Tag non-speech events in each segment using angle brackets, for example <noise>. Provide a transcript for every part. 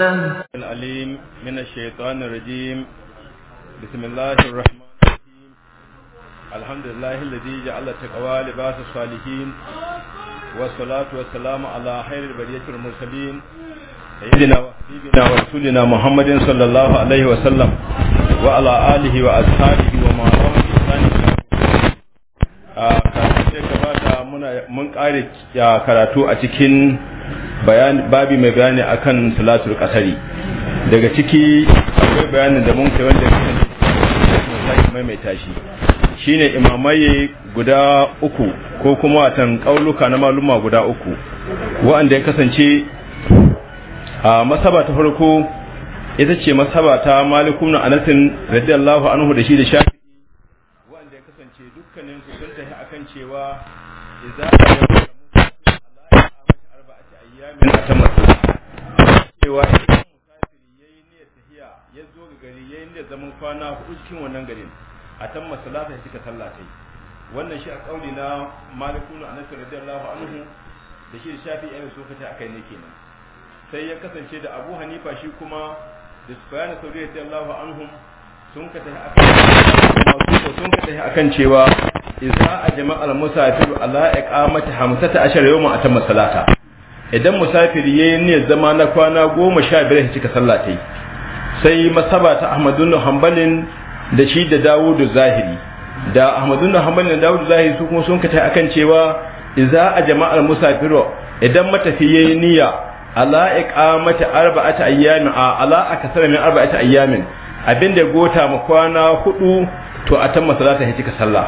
سبحانه العليم من الشيطان الرجيم بسم الله الرحمن الرحيم الحمد لله الذي جعل التقوى لباس الصالحين والصلاة والسلام على خير البرية المرسلين سيدنا وحبيبنا ورسولنا محمد صلى الله عليه وسلم وعلى آله وأصحابه ومن رمى بإحسان إلى يوم الدين. muna mun ƙare karatu a cikin babi mai bayani akan salatul qasari daga ciki akwai bayanin da mun kai wanda mai maimaita shi shine imamai guda uku ko kuma watan kauluka na maluma guda uku wa'anda ya kasance a masaba ta farko ita ce masaba ta malikun anasin radiyallahu anhu da shi da shafi wa'anda ya kasance dukkanin su sun tafi akan cewa idza siyamin a ta masu cewa idan musafiri ya yi niyyar tafiya ya zo ga gari ya yi niyyar zaman kwana hudu cikin wannan garin a ta masu lata ya cika sallah wannan shi a kauli na malikunu a nasir radiyallahu anhu da shi shafi yana so fita akai ne kenan sai ya kasance da abu hanifa shi kuma da sufyan sauri radiyallahu anhu sun ka tafi akan sun ka tafi akan cewa idza ajma al musafiru ala iqamati 15 yawma atamma salata idan musafiri yayi ne zama na kwana goma sha biyar cika sallah ta yi sai masaba ta ahmadun hanbalin da shi da dawudu zahiri da ahmadun hanbalin da dawudu zahiri su kuma sun kata akan cewa idza a jama'ar musafiro idan matafi yayi niyya ala iqamati arba'ati ayyamin a ala akasara min arba'ati ayyamin abinda gota ma kwana hudu to a tamma salata ya cika sallah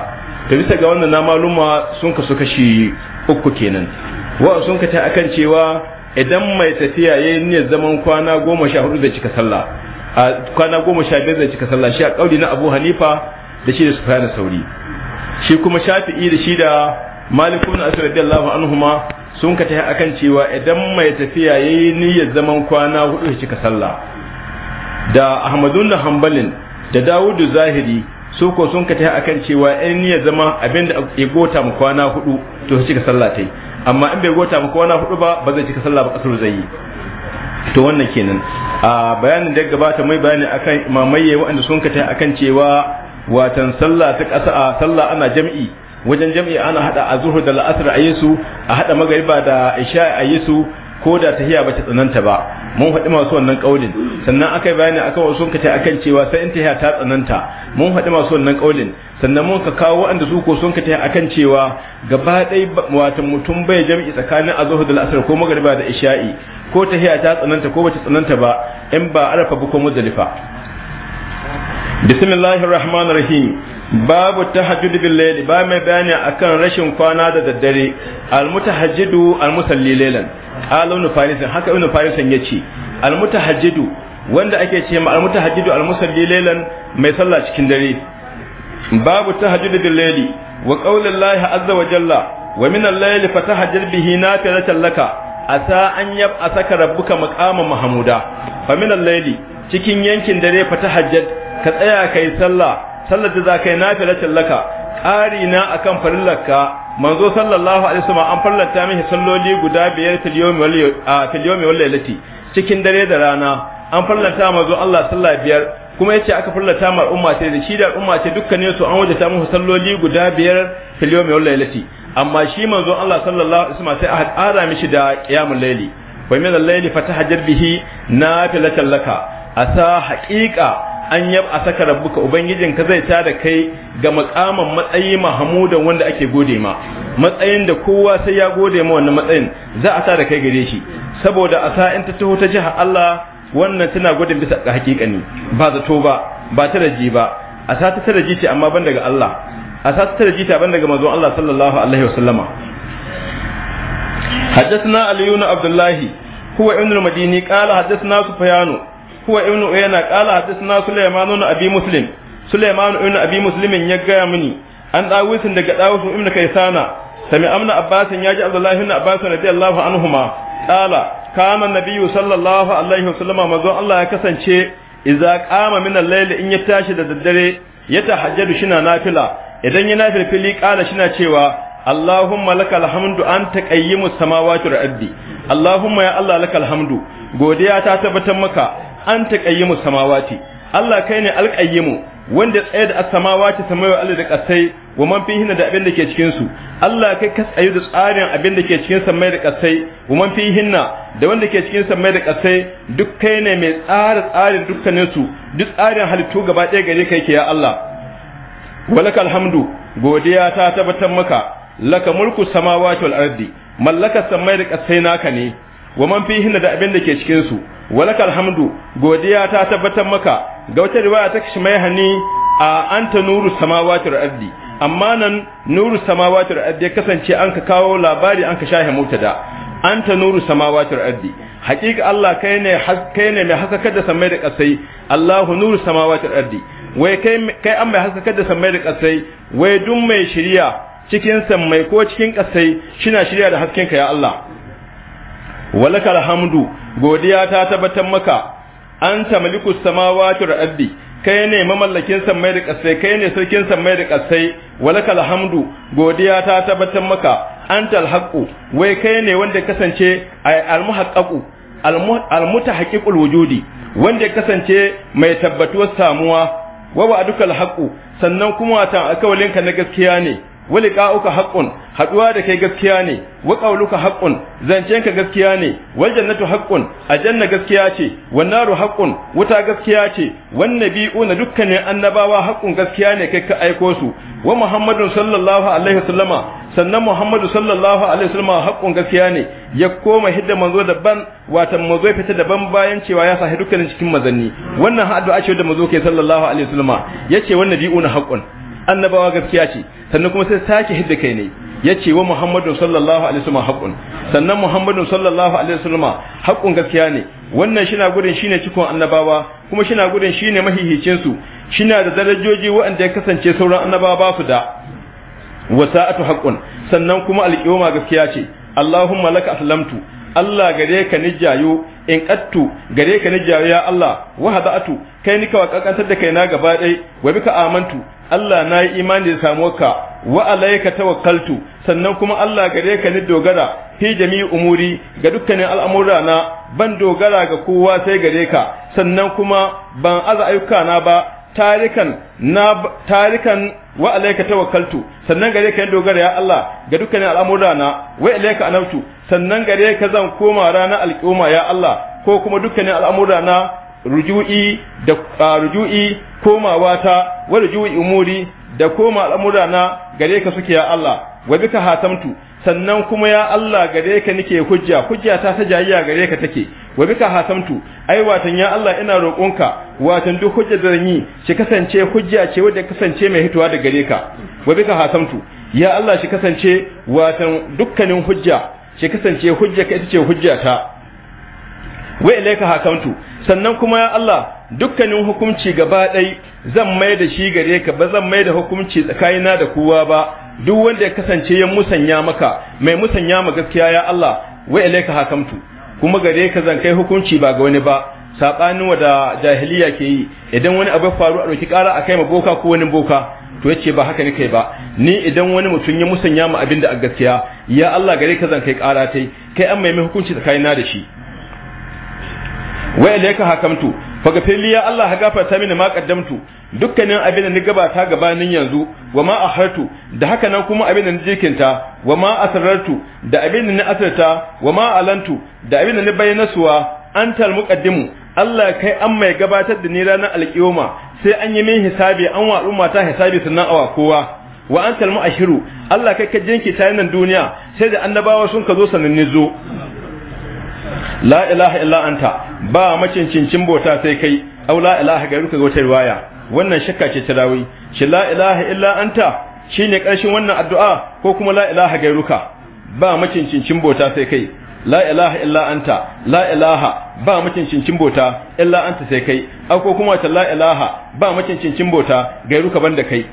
to bisa ga wannan na maluma sun kasu kashi uku kenan wa sun kata akan cewa idan mai tafiya ya yi zaman kwana goma sha hudu da cika sallah a kwana goma sha biyar da cika sallah shi a kauli na abu hanifa da shi da sufyan sauri shi kuma shafi'i da shi da malik ibn asr radiyallahu anhuma sun kata akan cewa idan mai tafiya ya yi niyyar zaman kwana hudu da cika sallah da ahmadun da hanbalin da dawudu zahiri su ko sun ka ta akan cewa in ya zama abinda ya gota mu kwana hudu to sai cika sallah tai amma in bai gota mu kwana hudu ba ba zai cika sallah ba kasar zai yi to wannan kenan a bayanin da gabata mai bayani akan mamaye waɗanda sun ka ta akan cewa watan sallah ta kasa a sallah ana jam'i wajen jam'i ana hada azhur da la'asar a a hada magriba da isha a ko da ta ba ta tsananta ba mun faɗi masu wannan ƙaunin sannan aka yi bayani akan wasu kace akan cewa sai in tahiya ta tsananta mun faɗi masu wannan ƙaunin sannan mun ka kawo waɗanda su ko sun kace akan cewa gaba ɗaya wata mutum bai jam'i tsakanin azhar da asr ko magariba da isha'i ko tahiya ta tsananta ko bata tsananta ba in ba arafa ba ko muzdalifa bismillahir rahmanir rahim babu tahajjud bil layl ba mai bayani akan rashin kwana da daddare al mutahajjidu al musalli laylan qala ibn faris haka ibn faris yace al mutahajjidu wanda ake ce ma al mutahajjidu al musalli laylan mai sallah cikin dare babu tahajjud bil layl wa qaulillahi azza wa jalla wa min al layl fatahajjid bihi nafilatan laka asa an yab'asaka rabbuka maqama mahmuda fa min al layl cikin yankin dare fatahajjid ka tsaya kai sallah sallar da za ka yi nafilatin laka ƙari na akan farillarka manzo sallallahu alaihi wasallam an farlanta mishi salloli guda biyar fil yawmi wal lailati cikin dare da rana an farlanta manzo Allah sallallahu biyar kuma yace aka farlanta ma umma sai da shi da umma ce dukkanin su an wajata musu salloli guda biyar fil yawmi wal lailati amma shi manzo Allah sallallahu alaihi wasallam sai aka ƙara mishi da qiyamul laili wa min al-laili fatahajjar bihi nafilatan laka asa haqiqa an yab a saka rabbuka ubangijinka zai ta da kai ga makaman matsayi mahamudan wanda ake gode ma matsayin da kowa sai ya gode ma wannan matsayin za a ta da kai gare shi saboda a sa in ta taho ta jiha Allah wannan tana gudun bisa ga hakikani ba zato ba ba ta raji ba a sa ta ta raji ce amma ban daga Allah a sa ta ta raji ta ban daga manzon Allah sallallahu alaihi wasallama حدثنا علي بن عبد الله هو ابن المديني قال حدثنا سفيان huwa ibnu uyana qala hadisna sulaiman ibn abi muslim sulaiman ibn abi muslim ya gaya mini an dawisin daga dawisu ibn kaisana sami amna abbasin yaji abdullahi ibn abbas radiyallahu anhuma qala kana nabiyyu sallallahu alaihi wasallam manzo Allah ya kasance idza qama min al-layl in ya tashi da daddare ya tahajjadu shina nafila idan ya nafil fili qala shina cewa Allahumma lakal hamdu anta qayyimus samawati rabbi Allahumma ya Allah lakal hamdu godiya ta tabbatar maka an qayyimu samawati Allah kai ne alqayyimu wanda tsaye da samawati samawa Allah da kasai wa man fihi da abin da ke cikin su Allah kai ka tsaye da tsarin abin da ke cikin samai da kasai wa man fihi da wanda ke cikin samai da kasai duk kai ne mai tsara tsarin dukkanin su duk tsarin halittu gaba ɗaya gare kai ke ya Allah walakal hamdu godiya ta tabbatar maka laka mulku samawati wal ardi mallaka samai da kasai naka ne wa man fihinna da abin da ke cikin su walakal hamdu godiya ta tabbatar maka ga wata riwaya ta kishi mai hani a anta nuru samawati wal ardi amma nan nuru samawati wal ardi kasance an ka kawo labari an ka shahi mutada anta nuru samawati wal ardi haqiqa Allah kai ne kai ne mai haka kada samai da kasai Allahu nuru samawati wal ardi wai kai kai an mai haka kada samai da kasai wai duk mai shiriya cikin mai ko cikin kasai shina shirya da ka ya Allah walakal hamdu godiya ta tabbatar maka anta malikus samawati wal ardi kai ne mamallakin sammai da ƙasai kai ne sarkin sammai da ƙasai walakal hamdu godiya ta tabbatar maka antal haqqu wai kai ne wanda kasance almuhaqqaqu almutahaqqiqul wujudi wanda kasance mai tabbatuwar samuwa wa wa'adukal alhaƙu sannan kuma ta alkawalinka na gaskiya ne ولقاؤك حق haɗuwa da kai gaskiya ne wa qauluka haqqun ka gaskiya ne wal jannatu haqqun ajanna gaskiya ce wan naru wuta gaskiya ce wan nabiyuna dukkanin annabawa haqqun gaskiya ne kai ka aiko su wa sallallahu alaihi wasallama sannan muhammadu sallallahu alaihi wasallama haqqun gaskiya ne ya koma hidda manzo daban wata manzo fita daban bayan cewa ya sahi dukkanin cikin mazanni wannan addu'a ce da manzo ke sallallahu alaihi wasallama yace wan haqqun annabawa gaskiya ce sannan kuma sai sake hidda kai ne ya ce wa muhammadun sallallahu alaihi wasallam haƙun sannan muhammadun sallallahu alaihi wasallam haƙun gaskiya ne wannan shina gudun shine cikon annabawa kuma shina gudun shine mahihicin su shina da darajoji waɗanda ya kasance sauran annabawa ba su da wasa'atu haƙun sannan kuma alƙiyoma gaskiya ce Allahumma laka aslamtu Allah gare ka ni jayo in qattu gare ka ni jayo ya Allah wa hada'atu kai ni ka kakantar da kaina gaba dai wa bika amantu Allah na yi imani da samuwarka wa alayka tawakkaltu sannan kuma Allah gare ka ni dogara fi jami'i umuri ga dukkanin al'amura na ban dogara ga kowa sai gare ka sannan kuma ban aza ayyuka na ba tarikan na tarikan wa alayka tawakkaltu sannan gare ka dogara ya Allah ga dukkanin al'amura na wa alayka anabtu sannan gare ka zan koma ranar alƙiyama ya Allah ko kuma dukkanin al'amura na ruju'i da ruju'i komawa ta wa ruju'i umuri da koma al'amura na gare ka suke ya Allah wa bika hatamtu sannan kuma ya Allah gare ka nike hujja hujja ta ta jayya gare ka take wa bika hasamtu ai watan ya Allah ina roƙonka watan duk hujja da yi shi kasance hujja ce wanda kasance mai hitowa da gare ka wa bika hasamtu ya Allah shi kasance watan dukkanin hujja shi kasance hujja ka ita ce hujja ta wa ilaika hasamtu sannan kuma ya Allah dukkanin hukunci gaba ɗai zan mai da shi gare ka ba zan mai da hukunci tsakanina da kowa ba duk wanda ya kasance ya musanya maka mai musanya ma gaskiya ya Allah wa ilaika hakamtu kuma gare ka zan kai hukunci ba ga wani ba sabanin wa da jahiliya ke yi idan wani abu faru a ɗauki ƙara a kai ma boka ko wani boka to yace ba haka ne kai ba ni idan wani mutum ya musanya mu abin da a gaskiya ya Allah gare ka zan kai ƙara tai kai an mai hukunci tsakanina da shi da ilayka hakamtu faga fili ya Allah ha gafarta mini ma qaddamtu dukkanin abin da ni gabata gabanin yanzu wa ma ahartu da haka nan kuma abin da ni jikinta wa ma asrartu da abin da ni asirta wa ma alantu da abin da ni bayyanasuwa antal muqaddimu Allah kai an mai gabatar da ni ranar alkiyoma sai an yi min hisabi an wa umma ta hisabi sannan awa kowa wa antal mu'ashiru Allah kai ka jinki ta nan duniya sai da annabawa sun ka zo sananne zo la ilaha illa anta ba macincincin bota sai kai aw la ilaha gairuka ga wata riwaya wannan shakka ce ta rawi shi la ilaha illa anta shine karshen wannan addu'a ko kuma la ilaha gairuka ba macincincin bota sai kai la ilaha illa anta la ilaha ba macincincin bota illa anta sai kai ko kuma ta la ilaha ba macincincin bota gairuka banda kai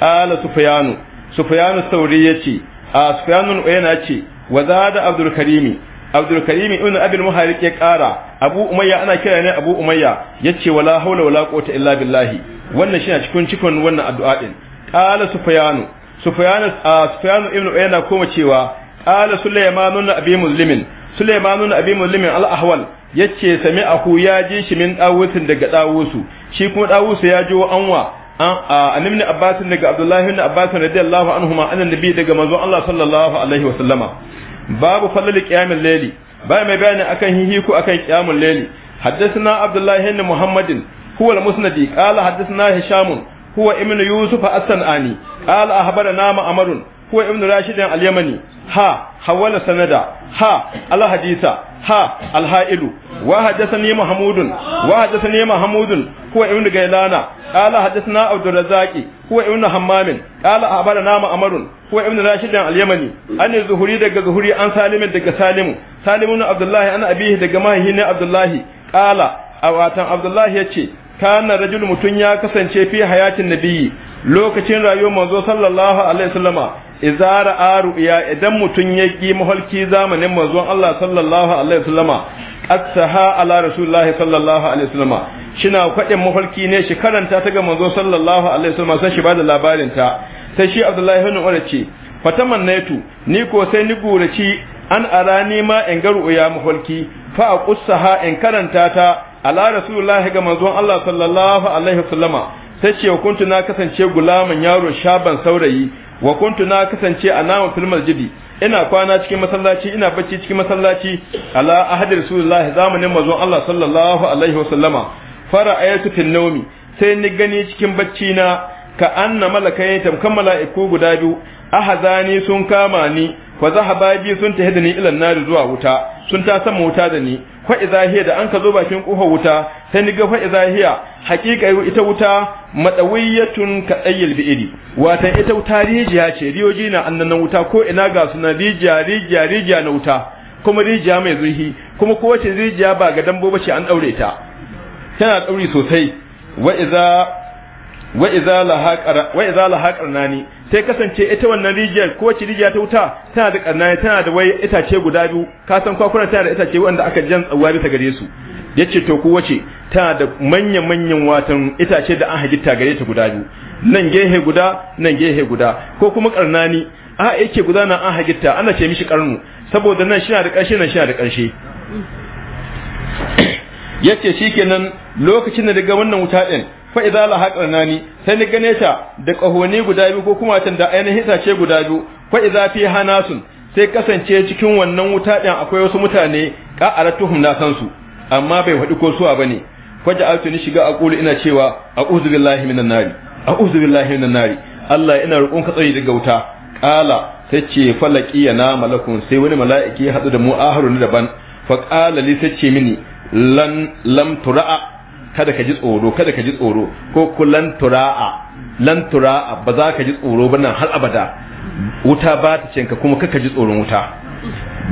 qala sufyanu sufyanu sauri yace a sufyanu uyana ce wa zada abdul karimi abdul karim ibn abul muharik ya kara abu umayya ana kira ne abu umayya yace wala haula wala quwwata illa billahi wannan shi cikin cikon wannan addu'a din qala sufyanu sufyanu sufyanu ibn uyayna kuma cewa qala sulaymanu abi muslimin sulaymanu abi muslimin al ahwal yace sami'ahu ya ji shi min dawusin daga dawusu shi kuma dawusu ya jiwo anwa an annabi abbas daga abdullahi ibn abbas radiyallahu anhuma annabi daga manzon Allah sallallahu alaihi wa sallama. babu fadlil ƙiyamin layli ba mai bayani akan hihiku akan qiyamul layli haddathana abdullahi ibn muhammadin huwa al-musnadi qala haddathana hisham huwa ibn yusuf as-sanani qala ahbarana nama huwa ibn rashid al-yamani ha hawala sanada ha al-haditha ha al-ha'ilu wa haddathani mahmudun wa haddathani mahmudun huwa ibn gailana قال حدثنا عبد الرزاق هو ابن حمام قال أخبرنا معمر هو ابن راشد اليمني عن الزهري دغ زهري عن سالم دغ سالم سالم بن عبد الله عن أبيه دغ ماهي عبد الله قال أواتن عبد الله يتشي kana rajul mutun ya kasance fi hayatin nabiyyi lokacin rayuwar manzo sallallahu alaihi wasallama idza ra'a ru'ya idan mutum ya ki mahalki zamanin manzo, Allah sallallahu alaihi wasallama aksaha ala rasulullahi sallallahu alaihi wasallam shina kwadin mafarki ne shi karanta ta ga manzo sallallahu alaihi wasallam sai shi bada labarin ta sai shi abdullahi ibn umar ce naitu ni ko sai ni gurace an arani ma in garu ya mafarki fa aqsaha in karanta ta ala rasulullahi ga manzon Allah sallallahu alaihi wasallam sai ce kuntu na kasance gulamun yaro shaban saurayi wa kuntu na kasance a namun filmar jidi ina kwana cikin masallaci ina bacci cikin masallaci ala ahadir rasulullahi zamanin mazon Allah sallallahu alaihi wasallama fara ayatu fil nawmi sai ni gani cikin bacci na ka anna malakai tamkan mala'iku guda biyu ahazani sun kama ni fa zahaba bi sun tahidani ila nari zuwa wuta sun ta sama wuta da ni fa da an ka zo bakin kofar wuta sai ni ga fa idza hiya haqiqa ita wuta madawiyatun ka tsayil bi'idi wata ita wuta rijiya ce riyoji na annan wuta ko ina ga suna rijiya rijiya rijiya na wuta kuma rijiya mai zurhi kuma kowace rijiya ba ga dambo bace an daure ta tana dauri sosai wa iza wa iza la haƙarna ni sai kasance ita wannan rijiyar ko wacce rijiya ta wuta tana da ƙarnani tana da wai itace guda biyu ka san kwakuran tana da itace wanda aka jan tsawa ta gare su yace to ko wace tana da manyan manyan watan itace da an halitta gare ta guda biyu nan gehe guda nan gehe guda ko kuma ƙarnani a yake guda na an halitta ana ce mishi ƙarnu saboda nan shi na da ƙarshe nan shi na da ƙarshe yace shikenan lokacin da daga wannan wuta din fa idza la ni sai ni gane ta da kahoni guda biyu ko kuma tan da ainihin guda biyu fa idza fi hanasun sai kasance cikin wannan wuta din akwai wasu mutane qa'aratuhum na san su amma bai faɗi ko suwa bane faja'altu ni shiga aqulu ina cewa a'udhu billahi minan nari a'udhu billahi minan nari Allah ina rukun ka tsayi daga wuta qala sai ce falaki ya na malakun sai wani mala'iki ya hadu da mu aharu ni daban fa qala li sai ce mini lan lam tura'a kada ka ji tsoro kada ka ji tsoro ko lan tura'a lan tura'a ba za ka ji tsoro ba nan har abada wuta ba ta cinka kuma kaka ji tsoron wuta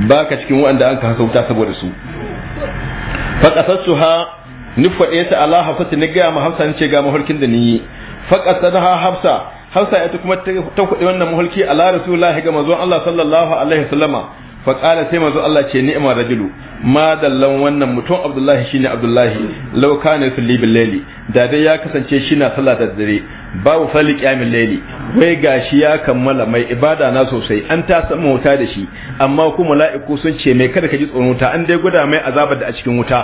ba ka cikin waɗanda an ka hasa wuta saboda su faƙasassu ha nufa ɗaya ta ala hafsa ta gaya ma hafsa ce ga mahulkin da ni yi faƙasar ha hafsa hafsa ita kuma ta kuɗi wannan mahulki ala rasulullahi ga mazon allah sallallahu alaihi wasallama faƙala sai mazon allah ce ni'imar rajulu ma dallan wannan mutum abdullahi shine abdullahi law kana yusalli bil layli da dai ya kasance shi na sallah da dare babu fali qiyamil layli wai gashi ya kammala mai ibada na sosai an ta san wuta da shi amma ku mala'iku sun ce mai kada ka ji tsoron wuta an dai guda mai azabar da a cikin wuta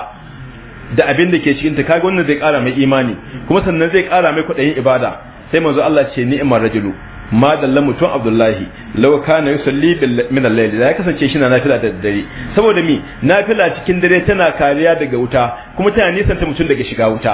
da abin da ke cikin ta kaga wannan zai kara mai imani kuma sannan zai kara mai kwaɗayin ibada sai manzo Allah ce ni'mar rajulu ma dalla mutum abdullahi law kana yusalli min al-layl ya kasance shi na nafila da dare saboda mi nafila cikin dare tana kariya daga wuta kuma tana nisan ta mutum daga shiga wuta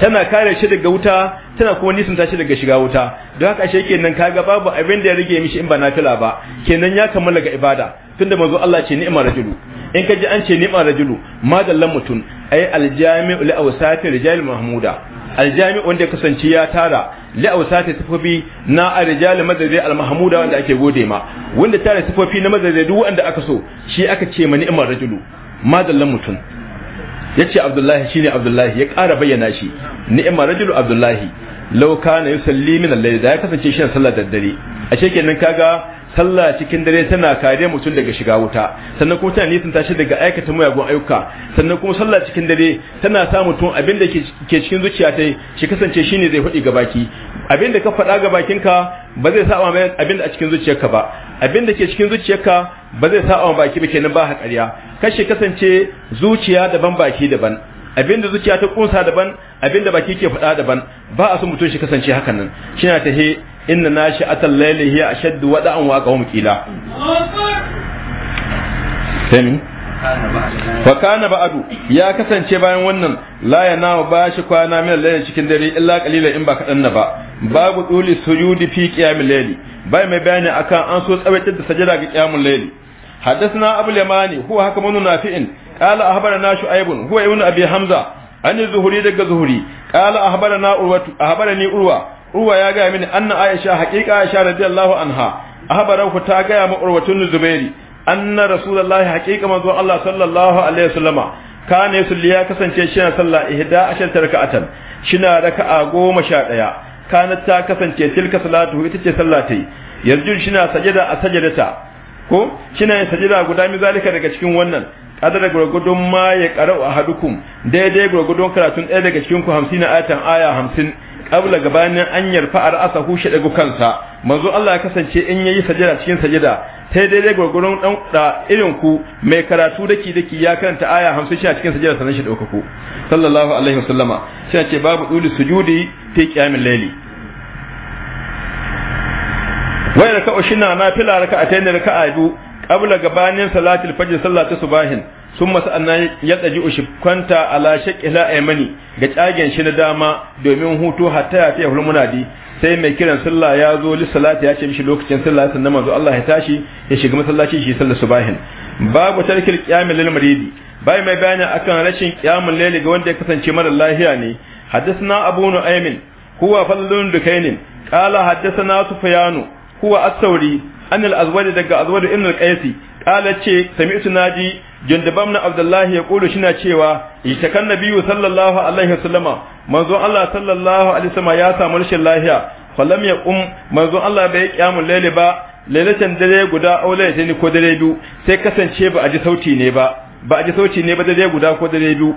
tana kare shi daga wuta tana kuma nisan ta shi daga shiga wuta don haka shi kenan kaga babu abin da ya rage mishi in ba nafila ba kenan ya kammala ga ibada tunda manzo Allah ce ni'ma rajulu in ka ji an ce ni'ma rajulu ma mutum mutun ay jamiu li awsati rijal mahmuda aljami wanda kasance ya tara la'ausa ta tufafi na arjal madadai almahmuda wanda ake gode ma wanda tara tufafi na madadai duk wanda aka so shi aka ce ma imar rajulu madallan mutun yace abdullahi shine abdullahi ya ƙara bayyana shi ni'mar rajulu abdullahi law kana yusalli min al-layl da ya kasance shi sallar daddare ashe kenan kaga sallah cikin dare tana kare mutum daga shiga wuta sannan kuma tana nisan tashi daga aikata muyagun ayyuka sannan kuma sallah cikin dare tana sa mutum abin da ke cikin zuciya ta shi kasance shine zai fadi ga baki abin da ka faɗa ga bakinka ba zai sa wa abin da a cikin zuciyarka ba abin da ke cikin zuciyarka ba zai sa baki ba kenan ba hakariya kashi kasance zuciya daban baki daban abin da zuciya ta kunsa daban abin da baki ke faɗa daban ba a so mutum shi kasance hakan nan shi na he inna nashi atal layli hiya a wada'an wa qawm qila sami fa kana ba'du ya kasance bayan wannan la yana ba shi kwana min layli cikin dare illa qalila in ba kadan na ba babu duli sujudi fi qiyamil layli bai mai bayani akan an so tsawaitar da sajada ga qiyamul layli حدثنا أبو اليماني هو هكما نافع قال أخبرنا شعيب هو ابن أبي حمزة عن الزهري دق الزهري قال أخبرنا أخبرني Urwa. urwa ya gaya mini anna aisha haƙiƙa aisha radiyallahu anha ahbarahu ta gaya ma urwatun zubairi anna rasulullahi haqiqa manzo Allah sallallahu alaihi wasallama kana yusalli ya kasance shi na sallah ihda ashar raka'atan shina raka'a goma sha daya kana ta kasance tilka salatu ita ce sallah tai yanzu na sajada a sajadata ko shina yin sajada guda mi zalika daga cikin wannan kadar gurgudun ma ya a ahadukum daidai gurgudun karatun ɗaya daga cikin ku 50 ayatan aya 50 qabla gabanin an yarfa asahu shi dago kansa manzo Allah ya kasance in yayi sajada cikin sajada sai daidai gurgurun dan da irin ku mai karatu daki daki ya karanta aya 50 shi a cikin sajada sanan shi dauka ku sallallahu alaihi wasallama sai ce babu duli sujudi ta qiyamil layli wai raka'a shi na nafila raka'a ne raka'a biyu qabla gabanin salatul fajr sallatu subahin sun masu annan yadda tsaji ushi kwanta ala shaƙila aimani ga tsagen shi na dama domin hutu hatta yafi fiye munadi. sai mai kiran sallah ya zo li salati ya ce mishi lokacin sallah sannan manzo Allah ya tashi ya shiga masallaci shi sallar subahin babu tarkil qiyamil lil maridi bai mai bayani akan rashin qiyamul layli ga wanda ya kasance mara lafiya ne حدثنا أبو نعيم هو فضل دكين قال حدثنا سفيان huwa as-sauri an al-azwadi daga azwadi ibn al-qaisi qala ce sami'tu naji jundubam na abdullahi ya kulu shina cewa itakan nabiyyu sallallahu alaihi wasallama manzon Allah sallallahu alaihi wasallama ya samu rashin lafiya falam ya um manzon Allah bai kiyamu laili ba lailatan dare guda aula ni ko dare biyu sai kasance ba a ji sauti ne ba ba a ji sauti ne ba dare guda ko dare biyu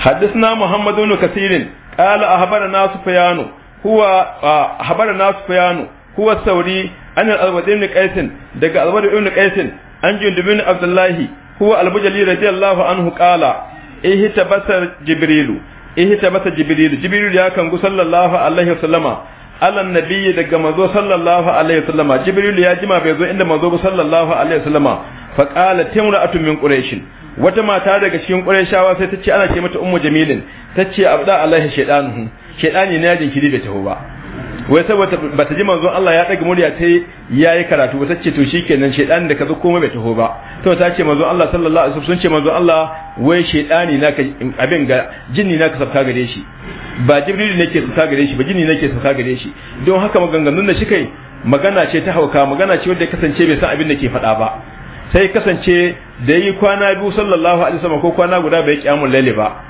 حدثنا محمد بن كثير قال أخبرنا سفيان هو أخبرنا سفيان huwa sauri an al-alwad ibn qais daga al-alwad ibn qais an جبريل ya kan gu الله عليه وسلم على النبي صلى الله عليه وسلم ya jima bai zo inda manzo صلى الله عليه وسلم فقال تمرأة من قريش wata mata daga cikin qurayshawa sai ta ce ana ce mata ummu jamilin ta ce abda alaihi ne ya jinkiri bai taho ba wai saboda ba ta ji manzon Allah ya daga murya ta yayi karatu ba ta ce to shikenan shedan da kazo komai bai taho ba to ta ce manzon Allah sallallahu alaihi wasallam sun ce manzon Allah wai shedani naka abin ga jinni naka sabta gare shi ba jibril ne ke sabta gare shi ba jinni ne ke sabta gare shi don haka maganganun da shi kai magana ce ta hauka magana ce wanda kasance bai san abin da ke faɗa ba sai kasance da yi kwana biyu sallallahu alaihi wasallam ko kwana guda bai kiyamul laili ba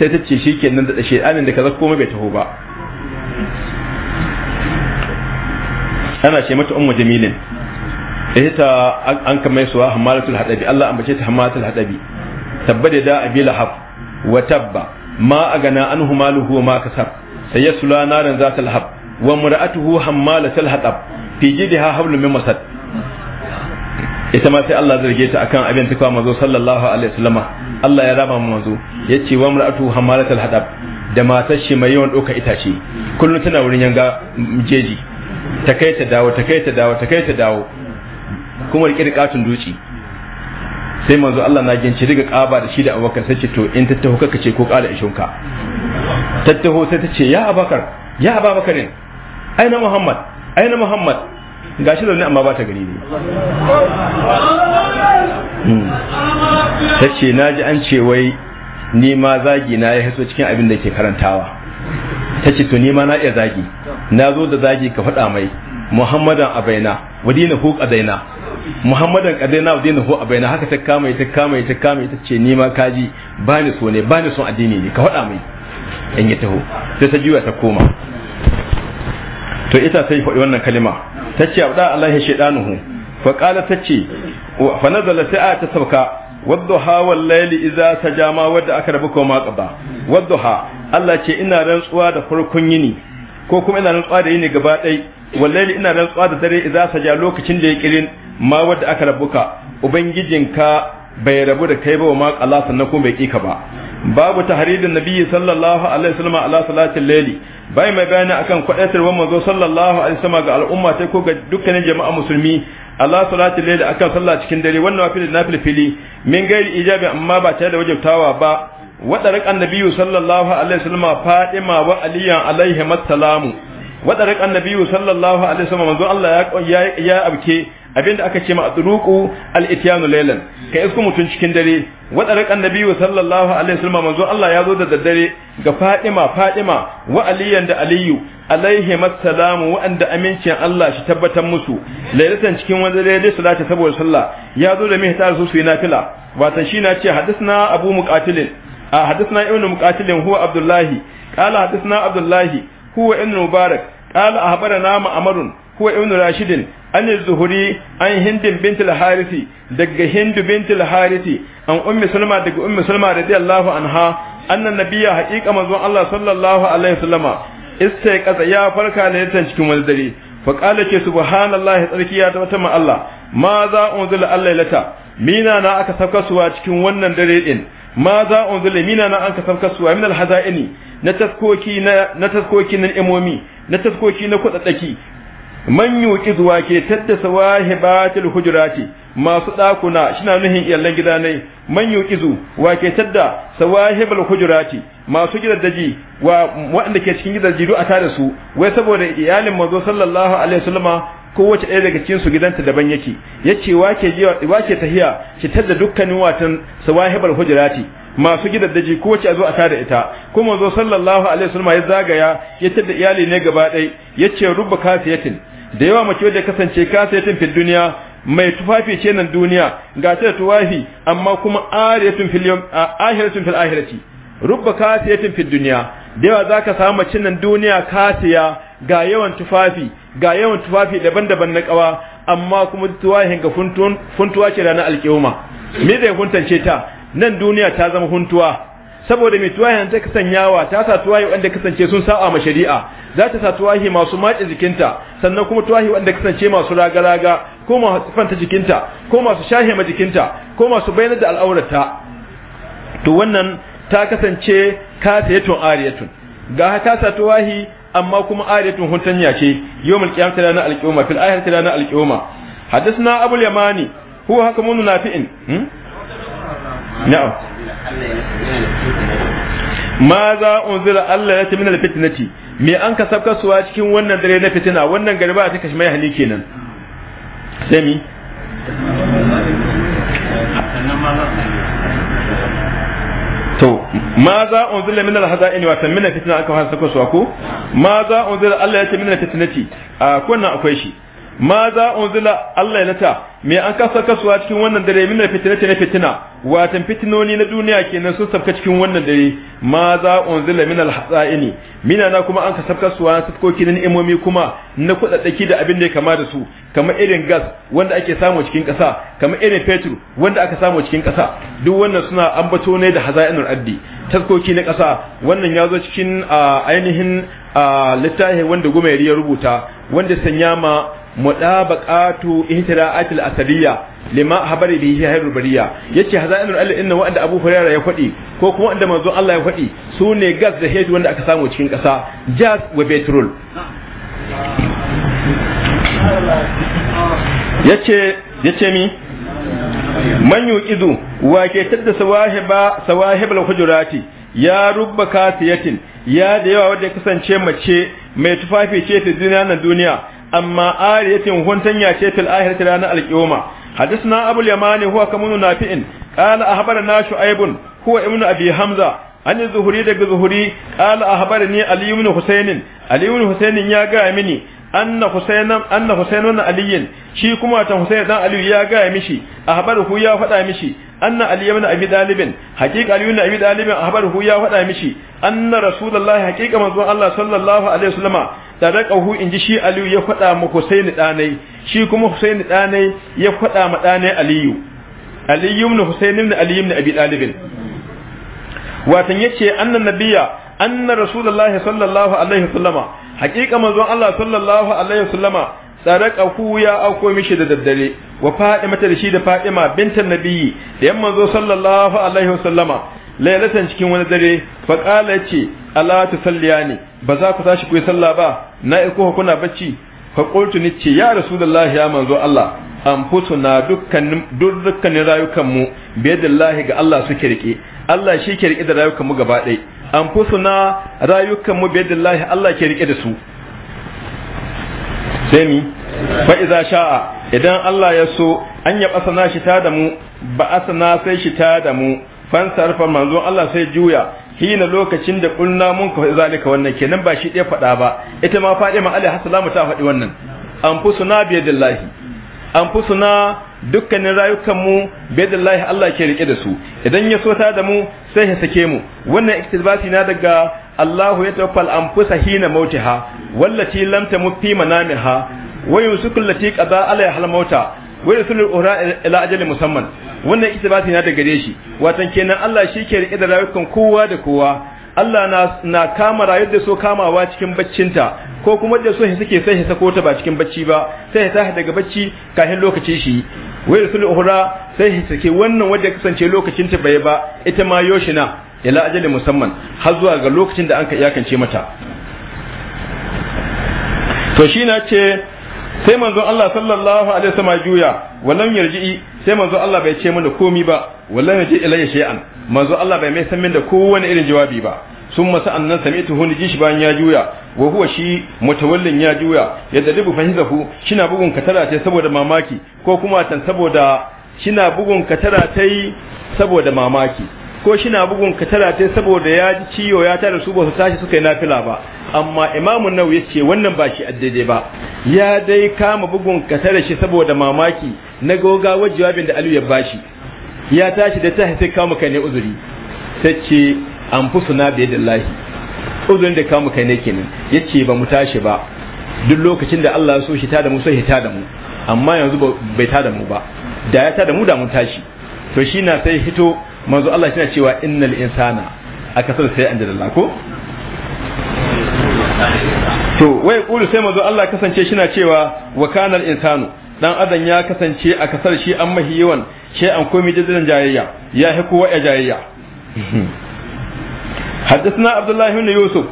sai ta ce shikenan da shedanin da kaza komai bai taho ba ana ce mata ummu jamilin ita eh, an kamar suwa hamalatul hadabi Allah an bace ta hamalatul hadabi tabbade da abi lahab wa tabba ma agana anhu maluhu ma kasab sayasla naran zatul hab wa mur'atuhu hamalatul hadab fi jidha hablu min masad ita ma sai Allah zarge ta akan abin ta kawo manzo sallallahu alaihi wasallama Allah ya raba manzo yace wa mur'atuhu hamalatul hadab da matar shi mai yawan doka itace kullun tana wurin yanga jeji ta kai ta dawo ta kai ta dawo ta kai ta dawo kuma riƙe da katon duci sai manzo Allah na ginci daga kaba da shi da abubakar sai ce to in taho kaka ce ko kala ishunka taho sai ta ce ya abubakar ya ne aina muhammad aina muhammad gashi da amma ba ta gani ne hmm. ta ce na ji an ce wai ni ma zagi na ya haso cikin abin da ke karantawa ta ce tuni ni ma na iya zagi na zo da zagi ka faɗa mai muhammadan a abaina wadina hu daina muhammadan qadaina wadina hu baina haka ta kama ita kama ita kama ita ce ni ma kaji bani so ne bani son addini ne ka faɗa mai in yi taho sai ta juya ta koma to ita sai faɗi wannan kalima ta ce abu da Allah ya shaidanuhu fa ƙala ta ce fa nazala sai ta sauka wadduha wal iza ta jama wadda aka rabu ko ma wadda ha Allah ce ina rantsuwa da farkon yini ko kuma ina rantsuwa da yini gaba ɗai wallahi ina rantsuwa da dare sa ja lokacin da ya kirin ma wadda aka rabuka ubangijinka bai rabu da kai ba wa ma Allah sannan kuma bai kika ba babu tahridin nabiyyi sallallahu alaihi wasallam ala salatin layli bai mai bayani akan kwadaitarwar manzo sallallahu alaihi wasallam ga al'umma sai ko ga dukkanin jama'a musulmi ala salatin layli akan sallah cikin dare wannan wafil nafil fili min gairi ijabi amma ba tare da wajibtawa ba waɗarik annabiyu sallallahu alaihi wasallam fatima wa aliyan alaihi matsalamu waɗarik annabiyu sallallahu alaihi wasallam manzo Allah ya ya abke abinda aka ce ma adruqu al-ityanu laylan ka isku mutun cikin dare waɗarik annabiyu sallallahu alaihi wasallam manzo Allah ya zo da daddare ga fatima fatima wa aliyan da aliyu alaihi matsalamu wa'anda amincin Allah shi tabbatar musu lailatan cikin wani dare salati saboda sallah ya zo da mihtar su su yi nafila watan shi na ce hadisna abu muqatilin حدثنا ابن مقاتل هو عبد الله قال حدثنا عبد الله هو ابن مبارك قال أخبرنا معمر هو ابن راشد عن الزهري عن هند بنت الحارث دق هند بنت الحارث عن أم سلمة دق أم سلمة رضي الله عنها أن النبي حقيقة مزون الله صلى الله عليه وسلم استيقظ يا فركا ليتن cikin wani dare فقال ke subhanallahi tsarki ya tabbata ma Allah ma za unzila allailata mina na aka sauka suwa cikin wannan dare din ma za unzila mina na an ka saukar su min na taskoki na taskoki na imomi na taskoki na kudaddaki man yuki zuwa ke tattasa wahibatul hujurati masu dakuna shina nuhin iyallan gida ne man yuki zu wa ke tadda sawahibul hujurati masu gidaddaji wa waɗanda ke cikin gidaddaji a tare su wai saboda iyalin mazo. sallallahu alaihi wasallama kowace ɗaya daga cikin su gidanta daban yake yace wake jiwa wake tahiya ki da dukkanin watan sawahibal hujurati masu gidaddaji kowace a zo a tada ita kuma zo sallallahu alaihi wasallam ya zagaya ya tada iyali ne gaba ɗaya yace rubba kasiyatin da yawa mace wadda kasance kasiyatin fi duniya mai tufafi ce nan duniya ga ta tuwafi amma kuma ariyatun fil ahiratun fil ahirati rubba kasiyatin fi duniya da yawa zaka samu mace nan duniya kasiya ga yawan tufafi ga yawan tufafi daban-daban na kawa amma kuma tuwahin ga funtuwa ce ranar alƙiyoma me zai huntance ta nan duniya ta zama huntuwa saboda mai tuwahin ta kasanyawa ta sa tuwahi wanda kasance sun sa'a ma shari'a za ta sa tuwahi masu maƙi jikinta sannan kuma tuwahi wanda kasance masu raga-raga ko masu fanta jikinta ko masu shahe ma jikinta ko masu bayyana da al'aurata to wannan ta kasance ka tun ariyatun ga ta sa tuwahi amma kuma ayatun huntanya ce yawmul qiyamah tana na alqiyama fil ayati tana na alqiyama hadathna abul yamani huwa hakamun nafi'in hmm? na'am ma za unzila Allah ya min alfitnati me an ka sabkasuwa cikin wannan dare na fitina wannan garba ta kashe mai hali kenan sai mi to ma za unzila min hada'in wa min fitna aka fara sako su ko ma za unzila Allah ya ce min fitnati a kunna akwai shi ma za unzila Allah ya nata me an kasa kasuwa cikin wannan dare min fitina na fitina watan fitinoni na duniya kenan sun sabka cikin wannan dare ma za unzila min alhasaini mina na kuma an kasa kasuwa na tafkoki na ni'imomi kuma na kudaddaki da abin da ya kama da su kamar irin gas wanda ake samu cikin kasa kamar irin fetur wanda aka samu cikin kasa duk wannan suna ambato ne da hazainul addi tafkoki na kasa wannan ya zo cikin ainihin littafi wanda gumeri ya rubuta wanda sanya ma mudabaqatu ihtira'atil asadiyya lima habari bihi hayrul bariya yace hazainul al inna wanda abu hurairah ya fadi ko kuma wanda manzon Allah ya fadi sune gas da head wanda aka samu cikin kasa gas wa petrol yace yace mi man yuqidu wa ke tadda sawahiba sawahibul hujurati ya rubba yatin ya da yawa wanda ya kasance mace mai tufafi ce ta duniya amma ariyatin huntanya ce fil ahirati ranar alkiyoma hadisna abul yamani huwa kamunu nafi'in qala na shu'aibun huwa ibnu abi hamza an zuhuri daga zuhuri qala ne ali ibn husainin ali ibn husainin ya ga mini anna husainan anna husainun aliyin shi kuma tan husain dan aliyu ya gaya mishi hu ya faɗa mishi anna ali ibn abi dalibin haqiqa ali ibn abi dalibin ahbarhu ya faɗa mishi anna rasulullahi haqiqa manzon Allah sallallahu alaihi wasallama tarakahu inji shi aliyu ya faɗa ma husaini danai shi kuma husaini danai ya faɗa ma danai aliyu aliyu ibn husain ibn ali ibn abi dalibin watan yace annan nabiyya anna rasulullahi sallallahu alaihi wasallama haqiqa manzon Allah sallallahu alaihi wasallama sadaqahu ya auko mishi da daddare wa Fatima da shi da fadima bintan Nabiyyi da yamma zo sallallahu alaihi wasallama lailatan cikin wani dare fa qala ce ala tusalliyani ba za ku tashi ku yi sallah ba na iko kuna bacci fa qultu ni ce ya rasulullahi ya manzo Allah na dukkanin dukkan rayukan mu biyadillahi ga Allah suke rike Allah shi ke rike da rayukan mu gaba ɗaya na rayukan mu biyadillahi Allah ke rike da su sai mi fa iza sha'a idan Allah ya so an ya asana shi ta da mu ba asana sai shi ta da mu fan sarfa manzo Allah sai juya hina lokacin da kulna mun ka zalika wannan kenan ba shi ɗaya faɗa ba ita ma Fadima alaihi salamu ta faɗi wannan anfusuna biyadillahi anfusuna dukkanin rayukan mu bidillahi Allah ke rike da su idan ya so ta da mu sai ya sake mu wannan iktibasi na daga Allahu ya tawaffal anfusa hina mautiha wallati lam tamut fi manamiha wa yusukul lati qada alaiha al-mauta wa yusulul ura ila ajali musamman wannan iktibasi na daga shi watan kenan Allah shi ke rike da rayukan kowa da kowa Allah na, na kama rayuwar da so kamawa cikin baccinta ko kuma da so suke sai ya sako ta ba cikin bacci ba sai ya daga bacci kafin lokaci shi wai rasul Uhura sai sake wannan wanda ya kasance lokacin ta bai ba ita ma yoshina ila ajali musamman har zuwa ga lokacin da anka iyakance mata to shi na ce sai manzon Allah sallallahu alaihi wasallam juya wallan yarji'i sai manzo Allah bai ce mana komi ba wallan yaji ilayya shay'an manzon Allah bai mai san min da kowane irin jawabi ba sun masa annan sami'tu hu ji shi bayan ya juya wa huwa shi mutawallin ya juya ya dubu fahizahu shina bugun katara tai saboda mamaki ko kuma tan saboda shina bugun katara tai saboda mamaki ko shina bugun katara tai saboda ya ji ciyo ya tare su ba su tashi suka yi nafila ba amma imamu ya yace wannan ba shi addade ba ya dai kama bugun katara shi saboda mamaki na goga jawabin da Aliyu ya bashi ya tashi da tashi sai kama kai ne uzuri ta ce anfusuna bi yadillahi uzurin da kamu kai ne kenan yace ba mu tashi ba duk lokacin da Allah ya so shi ta da mu so shi ta da mu amma yanzu bai ta da mu ba da ya ta da mu da mun tashi to shi na sai hito manzo Allah shi na cewa innal insana akasar sai an da ko to wai kulu sai manzo Allah kasance shi na cewa wa kanal insanu dan adam ya kasance a kasar shi an mahiyawan shi an komi jazirin jayayya ya hi wa ya jayayya حدثنا عبد الله بن يوسف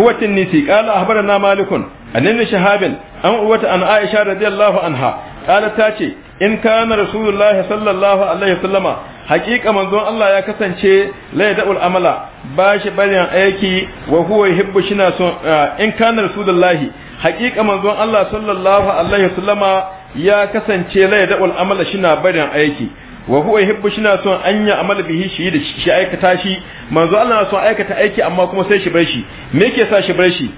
هو التنيسي قال أخبرنا مالك عن ابن شهاب أم قوة عن عائشة رضي الله عنها قالت تاتي إن كان رسول الله صلى الله عليه وسلم حقيقة من دون الله يكسن شيء لا يدعو العمل باش بلين أيكي وهو يحب شنا إن كان رسول الله حقيقة من دون الله صلى الله عليه وسلم ya kasance lai da al'amala shina barin aiki wa huwa yuhibbu shi na son an ya amala bihi shi da shi aikata shi manzo Allah na son aikata aiki amma kuma sai shi bar shi me yake sa shi bar shi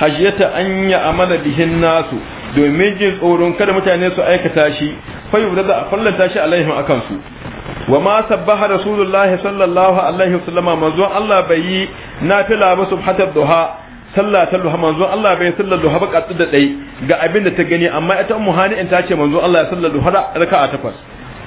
hajiyata an ya amala bihin nasu domin jin tsoron kada mutane su aikata shi fayu da za a fallanta shi alaihim akan su wa ma sabbaha rasulullahi sallallahu alaihi wasallam manzo Allah bai yi nafila ba subhatar duha sallah ta duha manzo Allah bai sallar duha ba katsu da dai ga abin da ta gani amma ita ummu hani ta ce manzo Allah ya sallar duha raka'a takwas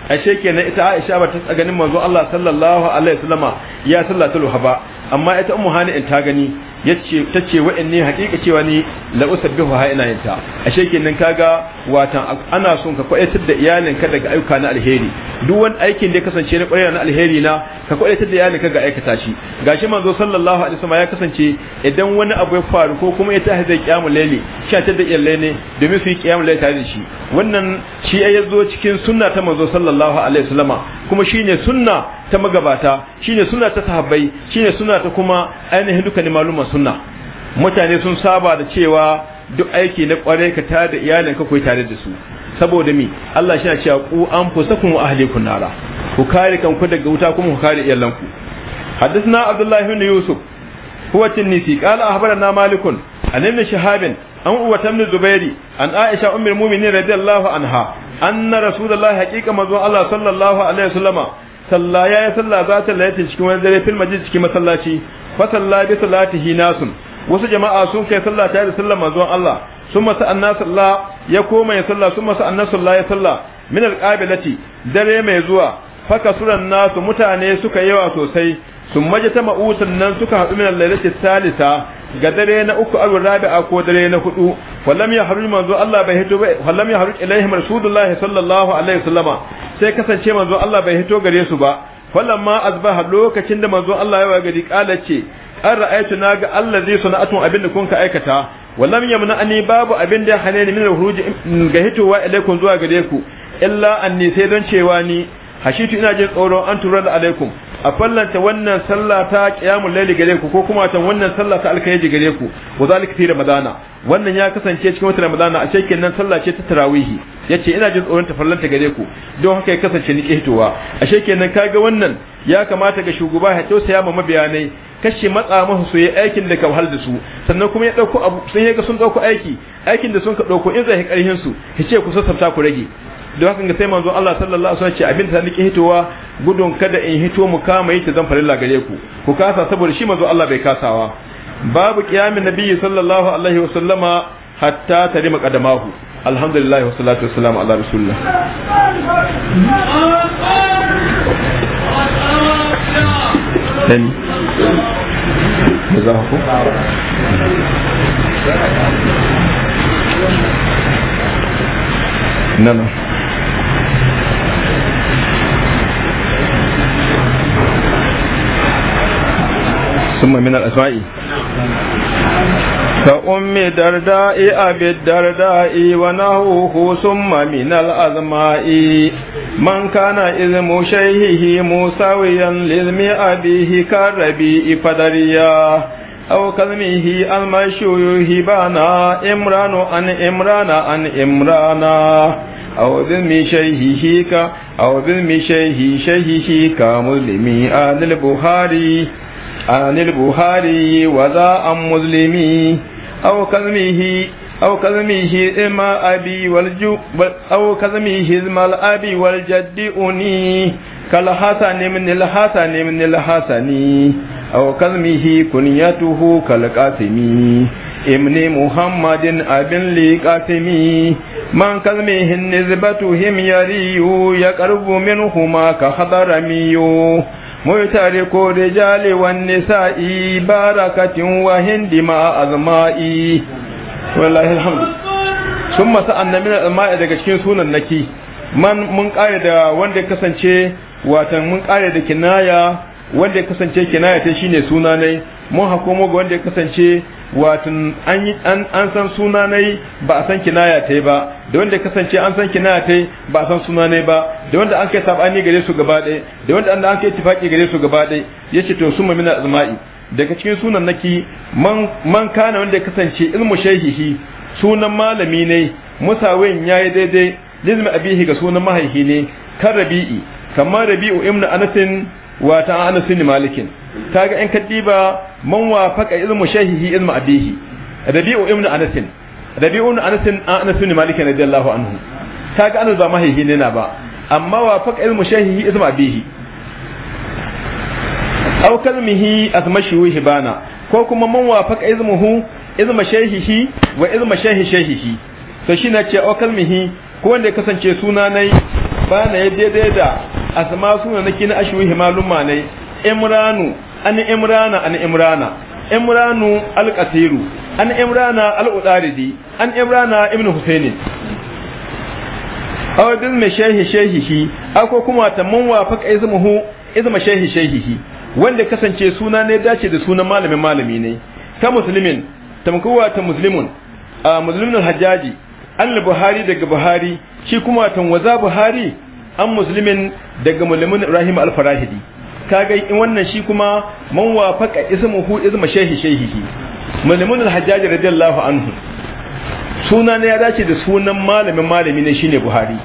ashe kenan ita Aisha ba ta ganin manzo Allah sallallahu alaihi wasallama ya sallatul haba amma ita ummu hani in ta gani yace tace wa'anne hakika cewa ni la usabbihu ha ina yinta ashe kenan kaga wata ana son ka kwaitar da iyalin ka daga ayyuka na alheri duk wani aikin da ya kasance na ƙwarewa na alheri na ka kwaitar da iyalin ka ga aikata shi gashi manzo sallallahu alaihi wasallam ya kasance idan wani abu ya faru ko kuma ya tashi da kiyamul laili shi ta da iyalai ne domin su yi kiyamul laili tare da shi wannan shi ya zo cikin sunna ta manzo sallallahu alaihi wasallama kuma shine sunna ta magabata shine sunna ta sahabbai shine sunna haka kuma ainihin dukkanin malumar sunna mutane sun saba da cewa duk aiki na kwarai ka tare da kai ka koyi tare da su saboda mi Allah shi cewa ku an fusa kuma ahli ku nara ku kare kanku daga wuta kuma ku kare iyalanku haddathna abdullahi na yusuf huwa tinisi na ahbarana malikun an ibn shahabin an uwa tamni zubairi an aisha ummul mu'minin radiyallahu anha anna rasulullahi haqiqa mazu Allah sallallahu alaihi salla ya yi salla za ta laita cikin wani dare fil majid cikin masallaci fa salla bi salatihi wasu jama'a sun kai salla tare da sallar manzon Allah summa sa'anna salla ya koma ya salla summa sa'anna salla ya salla min alqabilati dare mai zuwa fa kasuran nasu mutane suka yawa sosai sun maje ta ma'utan nan suka haɗu min lailati salisa ga dare na uku aw rabi'a ko dare na hudu wallam ya haruj manzo Allah bai hito ba wallam ya haruj ilaihim rasulullah sallallahu alaihi wasallama sai kasance manzo Allah bai hito gare su ba falamma azbaha lokacin da manzo Allah ya waga kala ce an ra'aytu naga allazi sana'atun abinda kun ka aikata wallam yamna ani babu abinda ya hane ni min huruj ga hitowa ilaikum zuwa gare ku illa anni sai don cewa ni hashitu ina jin tsoron an turar alaikum a fallanta wannan sallah ta qiyamul layli gare ku ko kuma ta wannan sallah ta alkayaji gare ku wa zalika fi ramadana wannan ya kasance cikin watan ramadana a cikin nan sallah ce ta tarawihi yace ina jin tsoron ta fallanta gare ku don haka ya kasance ni kehtowa a cikin nan kaga wannan ya kamata ga shugaba ya tausaya ma mabiyanai kashe matsa musu su yi aikin da ka wahal da su sannan kuma ya dauko abu sun yaga sun dauko aiki aikin da sun ka dauko in zai karhin su ya ce ku sassafta ku rage don haka ga sai manzo Allah sallallahu alaihi wasallam ce abin da nake hitowa gudun kada in hito mu kama yi ta zan farilla gare ku ku kasa saboda shi manzo Allah bai kasawa babu qiyamin nabiyyi sallallahu alaihi wasallama hatta tarima qadamahu alhamdulillah wassalatu wassalamu ala rasulillah Dani. Jazakum. na. no. تسمى من الأسماء كأم الدرداء أبي الدرداء ونهوه ثم من الأزماء من كان إذم شيهه مساويا لإذم أبيه كالربيء فدريا أو كلمه المشيو هبانا إمران عن إمران عن إمرانا أو ذم شيهه أو ذم شيهه شيهه كمسلم آل البخاري عن البخاري وذا عن مسلمي أو كلمه أو كلمه إما أبي والجو أو كلمه إما الأبي والجد أني كالحسن من الحسن من الحسن أو كلمه كنيته كالقاسم ابن محمد أبن لقاسم من كلمه النسبة هم يري يقرب منهما كخضرمي مترك الرجال والنساء بركة وهند مع أزمائي والله الحمد ثم سألنا من الماء daga cikin sunan naki man mun kare da wanda kasance watan mun kare da kinaya wanda ya kasance ta shine sunanai nai mun hakomo ga wanda ya kasance watan an san sunanai ba a san kinaya ta ba da wanda ya kasance an san kinaya ta ba a san sunanai ba da wanda an kai sabani gare su gaba ɗaya da wanda an kai tifaki gare su gaba ɗaya yace to summa min azma'i daga cikin sunan naki man man kana wanda ya kasance ilmu shaihihi sunan malami ne musawin yayi daidai lizmi abihi ga sunan mahaihi ne karabi'i rabi'i kamar rabi'u ibnu anas wata anas sunni malikin kaga in kadiba man wafaqa ilmu shahihi ilmu abihi rabi'u ibn anas rabi'u ibn anas anas sunni malikin radiyallahu anhu kaga anas ba mahihi ne na ba amma wafaqa ilmu shahihi ilmu abihi aw kalmihi azmashu hibana ko kuma man wafaqa ilmuhu ilmu shahihi wa ilmu shahihi shahihi to shi na ce aw kalmihi ko wanda ya kasance suna nai ba na daidai da asma suna nake na ashwihi maluma ne imranu an imrana an imrana imranu alqasiru an imrana Al'udaridi an imrana ibnu husaini aw din mai shehi shi ako kuma tamman wa faka izmuhu izma shehi shi wanda kasance suna ne dace da sunan malamin malami ne ta muslimin tamkuwa ta muslimun a ah, muslimin hajjaji al buhari daga buhari shi kuma waza buhari an muslimin daga mulmin Ibrahim al-Farahidi kaga in wannan shi kuma man wafaqa ismuhu izma shehi shehihi mulmin al-Hajjaj radiyallahu anhu suna ne ya dace da sunan malamin malami ne shine Buhari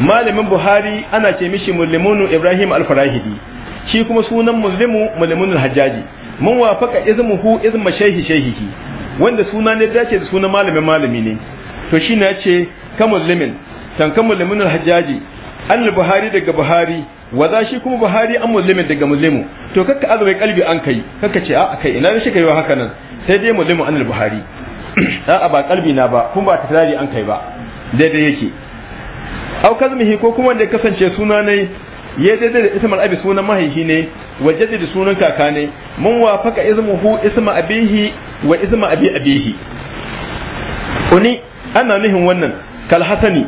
malamin Buhari ana ce mishi mulmin Ibrahim al-Farahidi shi kuma sunan muslimu mulmin al-Hajjaji man wafaqa ismuhu izma shehi shehihi wanda suna ne dace da sunan malamin malami ne to shine ya ce ka muslimin tankan mulmin al-Hajjaji al buhari daga buhari waza shi kuma buhari an muslimin daga muslimu to kakka azumai kalbi an kai kakka ce a kai ina shi kai haka nan sai dai muslimu an buhari <clears throat> a ba kalbi na ba kuma ba tarihi an kai ba daidai yake au kazmihi ko kuma da kasance suna ne ya daidai da ismar abi sunan mahaihi ne wa jaddada sunan kaka ne mun wafaka ismuhu isma abihi wa isma abi abihi kuni ana nuhin wannan kal hasani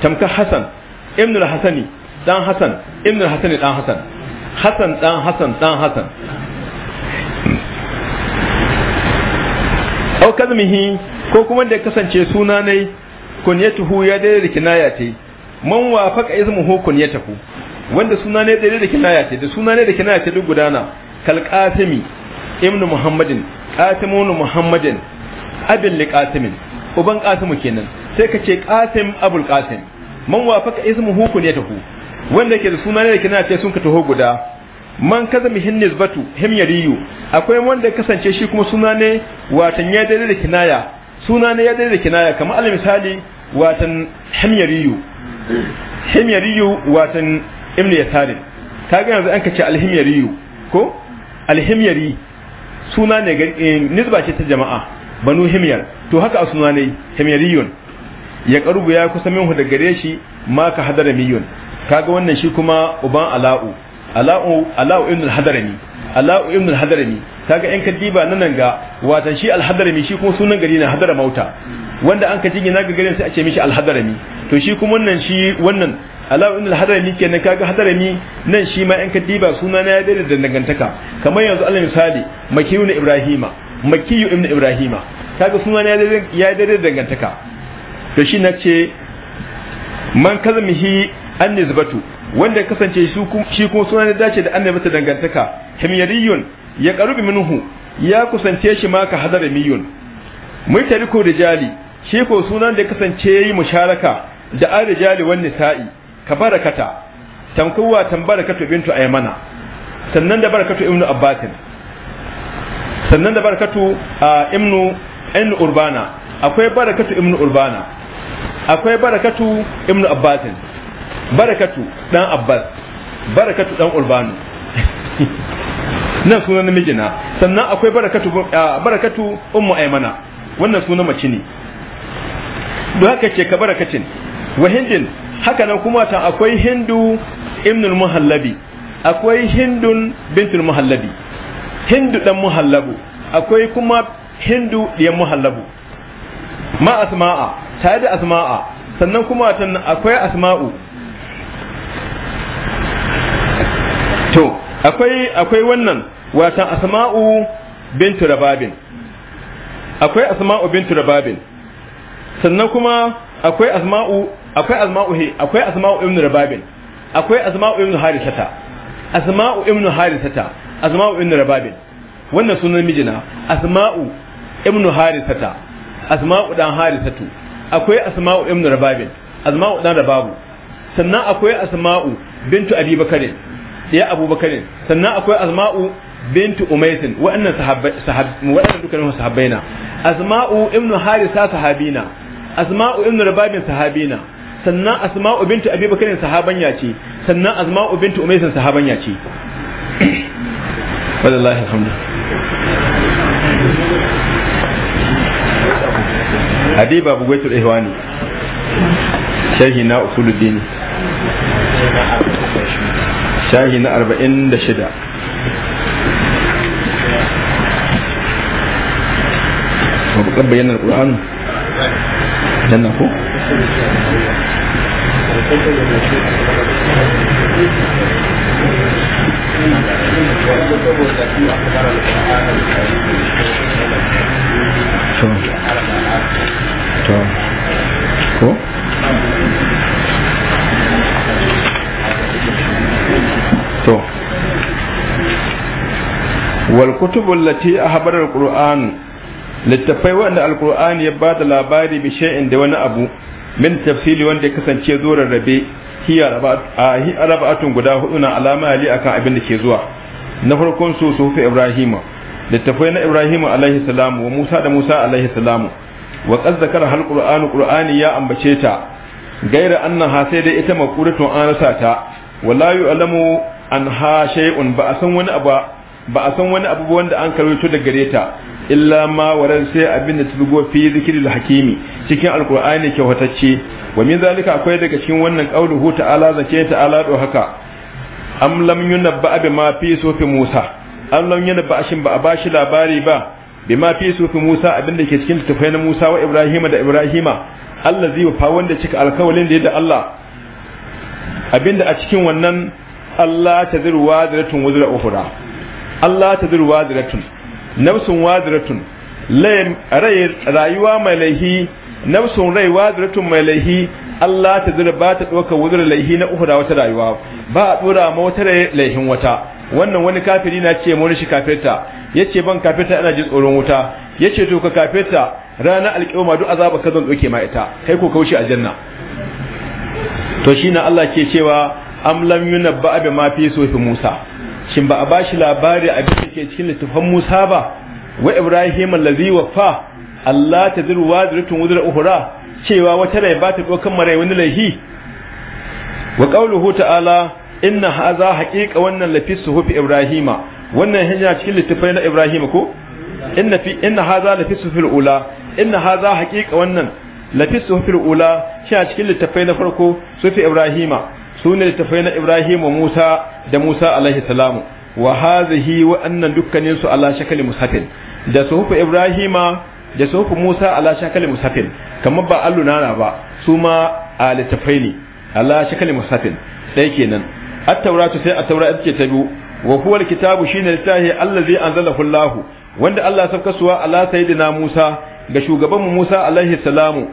tamka hasan ibn al-hasani dan hasan ibn al-hasani dan hasan hasan dan hasan dan hasan aw kazmihi ko kuma da kasance suna ne kunyatuhu ya daidai da kinaya ce man wafaka ismuhu kunyatuhu wanda suna ne daidai da kinaya ce da suna ne da kinaya ce duk gudana kal qasimi ibnu muhammadin qasimun muhammadin abin li qasimin uban qasimu kenan sai ka ce qasim abul qasim man wafaka ismuhu kunyatahu wanda ke da suna ne da kina ce sun ka taho guda man kaza mihin nisbatu him yariyu akwai wanda kasance shi kuma suna ne watan ya daidai da kinaya suna ne ya daidai da kinaya kamar al misali watan him yariyu him yariyu watan ibn yasarin kaga yanzu an kace him yariyu ko him yari suna ne eh, nisba ce ta jama'a banu himyar to haka a suna ne himyariyun ya karubu ya kusa minhu da gare shi ma ka hadaramiyun kaga wannan shi kuma uban ala'u ala'u ala'u ibn al-hadarami ala'u ibn al-hadarami kaga in diba nan ga watan shi al-hadarami shi kuma sunan gari ne hadara mauta wanda an ka jingina ga garin sai a ce mishi al-hadarami to shi kuma wannan shi wannan ala'u ibn al-hadarami kenan kaga hadarami nan shi ma in kadiba suna na ya dare da dangantaka kamar yanzu alal misali makiyu ibrahima makiyu ibn ibrahima kaga sunan ya dare da dangantaka to shi na ce man kazmihi an nisbatu wanda kasance shi kuma suna da dace da ta dangantaka himyariyun ya qarubi minhu ya kusance shi ma ka hadara miyun mai tariko da jali shi ko sunan da kasance yi musharaka da da jali wan nisa'i ka barakata tankuwa tambarakatu bintu aymana sannan da barakatu ibnu abbasin sannan da barakatu ibnu ibnu urbana akwai barakatu ibnu urbana akwai barakatu ibn abbasin barakatu dan abbas barakatu dan urbanu nan sunan namijina sannan akwai barakatu ah, barakatu ummu aymana wannan sunan mace ne don haka ce ka barakacin wa hindin haka nan kuma ta akwai hindu ibnul muhallabi akwai hindun bintul muhallabi hindu dan muhallabu akwai kuma hindu diyan muhallabu ma asma'a tare da asma'a sannan kuma tan akwai asma'u to akwai akwai wannan watan asma'u bintu rababin akwai asma'u bintu rababin sannan kuma akwai asma'u akwai asma'u he akwai asma'u ibnu rababin akwai asma'u ibnu harisata asma'u ibnu harisata asma'u ibnu rababin wannan sunan mijina asma'u ibnu harisata asma'u dan harisatu akwai asma'u ibn rababin asma'u dan rababu sannan akwai asma'u bintu abi bakarin ya abu bakarin sannan akwai asma'u bintu umaisin waɗannan sahabbai waɗannan dukkanin sahabbai na asma'u ibn harisa sahabina asma'u ibn rababin sahabina sannan asma'u bintu abi bakarin sahabanya ce sannan asma'u bintu umaisin sahabanya ce <coughs> wallahi alhamdulillah hadiba bu waitul ihwani sharhi na dini sharhi na 46 wa bayyana alquran janna ko Sure. to ko to wal kutubu allati ahbara alquran littafai wanda alqur'ani ya bada labari bi shay'in da wani abu min tafsili wanda ya kasance zuwa rabe hiya arabatun guda hudu na alama ali akan abin da ke zuwa na farkon su sufi ibrahima littafai na ibrahima alaihi salamu wa musa da musa alaihi salamu wa qad zakara hal qur'anu qur'ani ya ambace ta gaira annaha sai dai ita maqudatun anasa ta wala yu'lamu anha shay'un ba san wani abu ba a san wani abu wanda an karwato da gare ta illa ma warar sai abin da tubugo fi zikirin hakimi cikin alkur'ani kyautatacce wa min zalika akwai daga cikin wannan ala ta'ala ta ala do haka am lam yunabba bi ma fi sufi musa am lam yunabba shin ba a bashi labari ba bima fi sufi Musa abinda ke cikin tafai na Musa wa Ibrahim da Ibrahima Allah zai fa wanda cika alkawalin da yadda Allah abinda a cikin wannan Allah ta ziru wadiratun wazira ukhra Allah ta ziru wadiratun nafsun wadiratun rai rayuwa mai laihi nafsun rai wadiratun mai laihi Allah ta zuru ba ta ɗauka wuzar laihi na ukhra wata rayuwa ba a ɗora ma wata laihin wata wannan wani kafiri na ce wani shi kafirta yace ban kafeta ina ji tsoron wuta yace to ka kafeta ranar alƙiyama duk azaba ka zan doke ma ita kai ko a janna. to shi shine Allah ke cewa am lam yunabba bi ma fi so fi Musa shin ba a bashi labari a da ke cikin littattafan Musa ba wa Ibrahim allazi wafa Allah ta ziru wa ziratun wudura uhura cewa wata rai ba ta dokan marai wani laihi wa qauluhu ta'ala inna hadha haqiqa wannan lafi fi Ibrahima wannan hanya cikin littafai na Ibrahim ko inna fi inna hadha la fi sufil ula inna hadha haqiqa wannan la fi sufil ula shi a cikin littafai na farko sufi Ibrahima sune littafai na Ibrahim wa Musa da Musa alaihi salam wa hadhihi wa annan dukkanin su ala shakali mushafin da suhufu Ibrahima da suhufu Musa ala shakali mushafin kamar ba allunana ba su ma a littafai ne ala shakali mushafin dai kenan at-tauratu sai at-taura ita ce ta biyu wa kitabu alkitabu shine littafi allazi anzalahu Allah wanda Allah suwa ala sayyidina Musa ga shugaban mu Musa alaihi salamu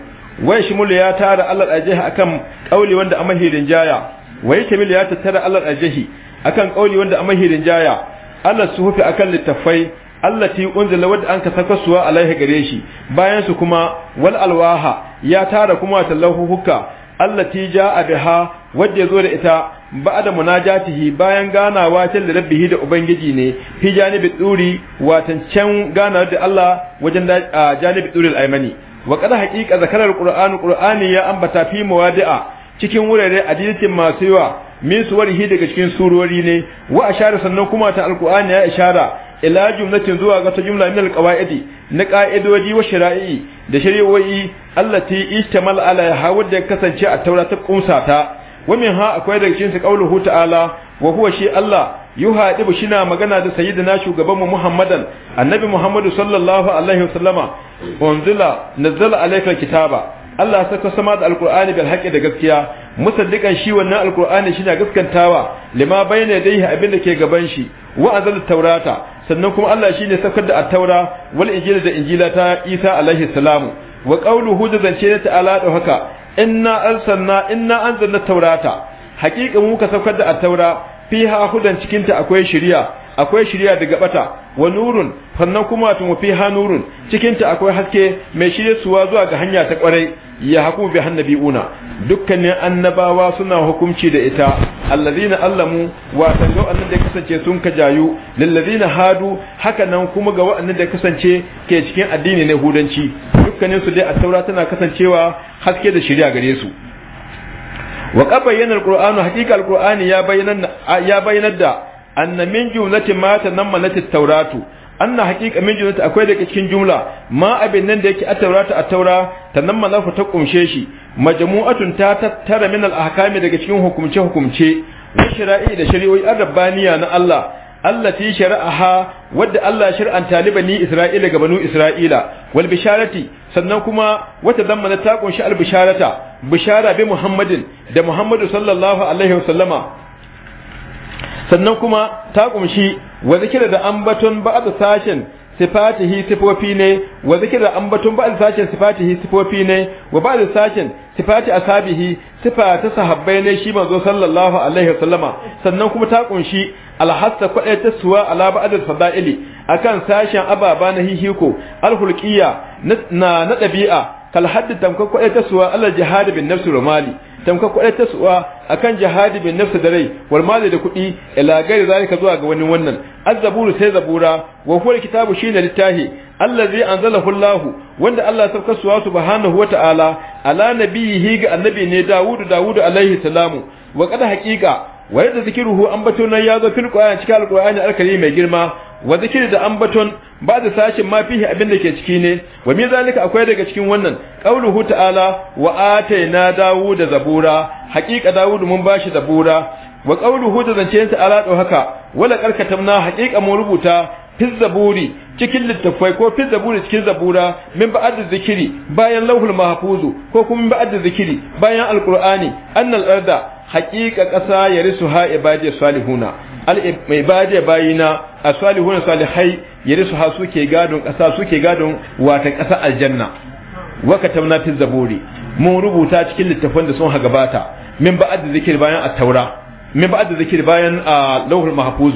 wai shimul ya tara Allah ajihi akan kauli wanda amahirin jaya wai kamil ya tattara Allah ajihi akan kauli wanda amahirin jaya Allah suhufi akan littafai allati unzila wadda anka sakasuwa alaihi gare shi bayan su kuma wal alwaha ya tara kuma tallahu hukka allati jaa biha wadda yazo da ita ba'da munajatihi bayan ganawa ta da rabbihi da ubangiji ne fi janibi tsuri watan can ganawa da Allah wajen janibi tsuri al-aymani wa qad haqiqa zakarar qur'an qur'ani ya ambata fi mawadi'a cikin wurare adilcin masu yawa min suwarihi daga cikin surori ne wa ashara sannan kuma ta alqur'ani ya ishara ila jumlatin zuwa ga ta jumla min alqawaidi na qaidodi wa shara'i da shari'o'i allati ishtamal ala hawad da kasance a taura ta ta wa min ha akwai daga cikin su qauluhu ta'ala wa huwa shi Allah yuhadibu shina magana da sayyidina shugaban mu Muhammadan annabi Muhammadu sallallahu alaihi wasallama unzila nazzala alayka kitaba Allah saka sama da alqur'ani bil haqqi da gaskiya musaddiqan shi wannan Alƙur'ani shi na gaskantawa lima bayyana yadayhi abin da ke gaban shi wa azal taurata sannan kuma Allah shi ne saukar da at wal injila da injila ta Isa alaihi salamu wa qawluhu da zance na ta'ala da haka inna arsalna inna anzalna taurata haqiqa mu ka saukar da at fiha hudan cikin ta akwai shari'a akwai shirya daga bata wa nurun sannan kuma tu fi ha nurun cikin akwai haske mai shirye suwa zuwa ga hanya ta kwarai ya haku bi hannabiuna dukkanin annabawa suna hukunci da ita allazina allamu wa tanzo annan da kasance sun kajayu jayu lillazina hadu haka nan kuma ga wa'annan da kasance ke cikin addini na hudanci dukkanin su dai a taura tana kasancewa haske da shirya gare su wa qabayyana alqur'anu haqiqa alqur'ani ya bayyana ya bayyana da anna min jumlati ma tanammalati tauratu anna haqiqa min jumlati akwai daga cikin jumla ma abin nan da yake at-tauratu at-taura tanammalahu ta kumshe shi majmu'atun ta tattara min al-ahkami daga cikin hukumce hukumce wa shari'i da shari'o'i ar-rabbaniya na Allah allati shara'aha wadda Allah shar'an talibani Isra'ila ga banu Isra'ila wal bisharati sannan kuma wata zammana ta kunshi al bisharata bishara bi Muhammadin da Muhammadu sallallahu alaihi wasallama sannan kuma ta kumshi wa zikira da ambaton ba'd sashin sifatihi sifofi ne wa zikira ambaton ba'd sashin sifatihi sifofi ne wa ba'd sashin sifati ashabihi sifa ta sahabbai ne shi manzo sallallahu alaihi wasallama sannan kuma ta kunshi alhassa kwadai ta suwa ala ba'd fadaili akan sashin ababa na hihiko alhulqiyya na na dabi'a kal hadd tamkan kwadai ta suwa ala jihad bin nafsi rumali tamka ta suwa akan jihadi bin nafsi da rai wal mali da kuɗi ila gari zalika zuwa ga wani wannan azzaburu sai zabura wa huwa kitabu shine littahi allazi anzalahu Allah wanda Allah sabka suwa subhanahu wata'ala ala nabiyihi ga annabi ne Dawud Dawud alaihi salamu wa qad haqiqa wa yadda zikiruhu an bato nan ya zo fil qur'ani cikin alqur'ani alkarimi mai girma wa zikiri da ambaton ba da sashin ma fihi abin da ke ciki ne wa mi zalika akwai daga cikin wannan qauluhu ta'ala wa ataina dawud da zabura haqiqa dawud mun bashi zabura wa qauluhu da zance ala do haka wala karkatamna haqiqa mun rubuta fi zaburi cikin littafai ko fi zaburi cikin zabura min ba'ad zikiri bayan lauhul mahfuzu ko kuma min ba'ad zikiri bayan alqur'ani annal arda haqiqa qasa yarisu ha salihuna mai bada bayina a salihun salihai su ha suke gadon ƙasa suke gadon wata ƙasa aljanna wa katabna fi zabori mun rubuta cikin littafin da sun ha gabata min ba'ad zikir bayan at-taura min ba'ad zikir bayan lawhul mahfuz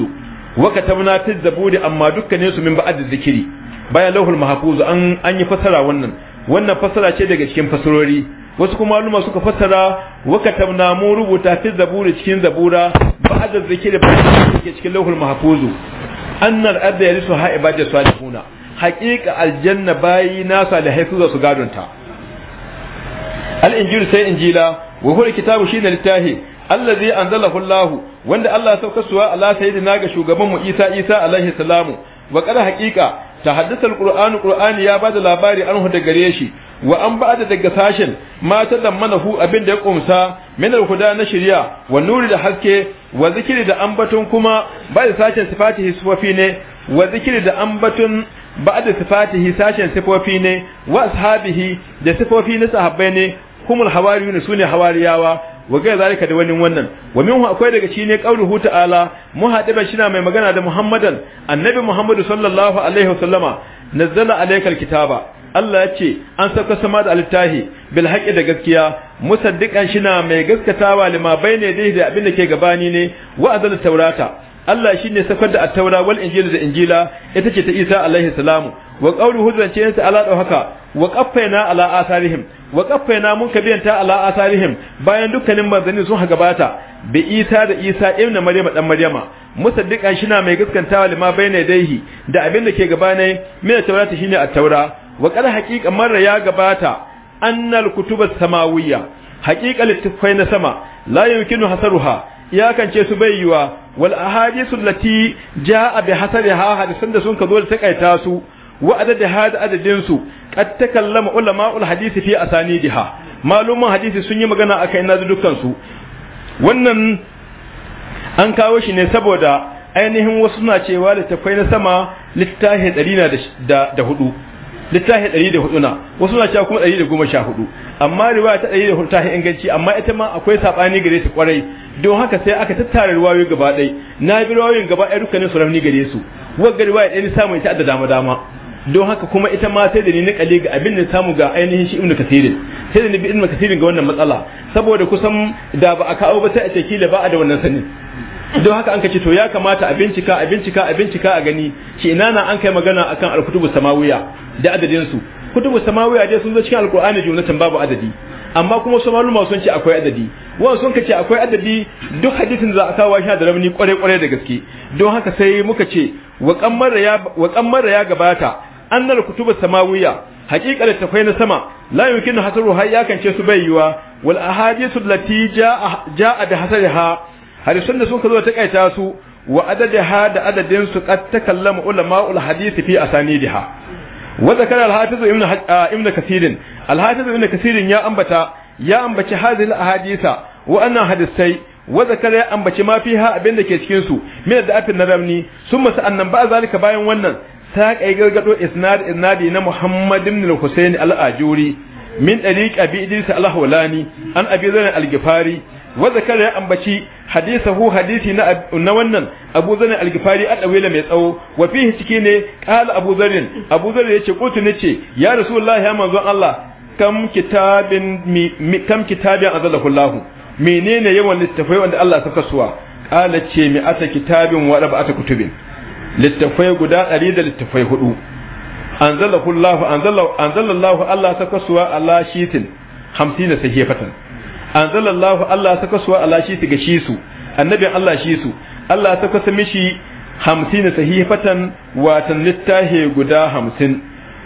wa katabna fi zabori amma dukkanin su min ba'ad zikiri bayan lawhul mahfuz an an yi fasara wannan wannan fasara ce daga cikin fasarori wasu kuma maluma suka fassara wa katabna mu rubuta fi zaburi cikin zabura ba'da zikri bayan yake cikin lauhul mahfuzu annal abda yarisu ha ibadatu salihuna haqiqa aljanna bayi na salihai su su gadonta al injil sai injila wa huwa kitabu shine littahi allazi anzalahu allah wanda allah ya sauka suwa ala sayyidina ga shugaban mu isa isa alaihi salamu wa qala haqiqa tahaddatha alqur'anu qur'ani ya bada labari anhu da gare shi wa an ba'da daga sashen ma da zammanahu abin da ya kumsa min al-huda na shirya, wa nuri da haske wa zikiri da ambaton kuma ba'da sashen sifatihi sufafi ne wa zikiri da ambaton ba'da sifatihi sashen sifofi ne wa ashabihi da sifofi na sahabbai ne humul hawariyun sune hawariyawa wa ga zalika da wani wannan wa minhu akwai daga shi ne qauluhu ta'ala muhadiban shi na mai magana da Muhammadan annabi Muhammadu sallallahu alaihi wasallama nazzala alaikal kitaba Allah ya ce an sauka sama da alittahi bil haqqi da gaskiya musaddiqan shi na mai gaskatawa lima bayne dai da abin da ke gabani ne wa azal taurata Allah shine saukar da at-taura wal da injila ita ce ta Isa alaihi salamu wa qawluhu zance ta ala ɗau haka wa qaffaina ala asarihim wa qaffaina mun ala asarihim bayan dukkanin manzanni sun haga bata bi isa da isa ibn maryama dan maryama musaddiqan shina mai gaskantawa lima bayna daihi da abin da ke gaba ne min taurata shine at-taura wa qad haqiqa marra ya gabata annal kutuba samawiyya haqiqa littafai na sama la yumkinu hasaruha iyakance su bai yiwa wal ahadithu allati jaa bi hasariha hadisan da sun ka zo da takaita su wa adad hada adadin su qad takallama ulama'ul hadisi fi asanidiha malumin hadisi sun yi magana akai na dukkan su wannan an kawo shi ne saboda ainihin wasu na cewa littafai na sama littafi ɗari na da hudu littafi ɗari da hudu na wasu na cewa kuma ɗari da goma sha hudu amma riwaya ta ɗari da hudu ta inganci amma ita ma akwai saɓani gare su kwarai don haka sai aka tattara riwayoyi gaba ɗai na bi riwayoyin gaba ɗaya dukkanin su rauni gare su wagga riwaya ɗaya ne samun ita da dama dama don haka kuma ita ma sai da ni nakale ga abin da samu ga ainihin shi ibnu kasirin sai da ni bi ibnu kasirin ga wannan matsala saboda kusan da ba a kawo ba sai a ce kila ba a da wannan sanin don haka an kace to ya kamata a bincika a bincika a bincika a gani shi ina na an kai magana akan alkutubu samawiya da adadin su kutubu samawiya dai sun zo cikin alqur'ani jumlatan babu adadi amma kuma su maluma sun ce akwai adadi wa sun kace akwai adadi duk hadisin za a kawo shi da rauni kware kware da gaske don haka sai muka ce wa kammara ya wa kammara ya gabata annal kutubus samawiyya da tafai na sama la yumkinu hasaru har ya kance su bai yiwa wal ahadithu allati jaa da hasariha hadisan da suka zo ta kaita su wa adadaha da adadin su qad takallama ulama'ul hadith fi asanidiha wa zakara al-hafiz ibn ibn kasir al-hafiz ibn kasir ya ambata ya ambaci hadhihi al-ahaditha wa anna hadisai wa zakara ya ambaci ma fiha abin da ke cikin su min da afin naramni summa sa'annan ba zalika bayan wannan saƙa ya gargado inadi na Muhammad ibn al-Husayn al-Ajuri min dariq Abi Idris al-Hawlani an Abi Zar al-Ghifari wa zakara ya ambaci hadisahu hadisi na na wannan Abu Zar al-Ghifari a dawila mai tsawo wa fihi ciki ne qala Abu Zar Abu Zar yace kutu nace ya Rasulullahi ya manzon Allah kam kitabin kam kitabin azalahu menene yawan littafai wanda Allah saka suwa qala ce mi ata kitabin wa da kutubin littafai guda ɗari da littafai hudu anzalahu Allah anzalallahu Allah ta kasuwa ala shitin hamsina sahifatan anzalallahu Allah ta kasuwa ala shiti ga shisu annabin Allah shisu Allah ta kasa mishi hamsina sahifatan watan littahi guda hamsin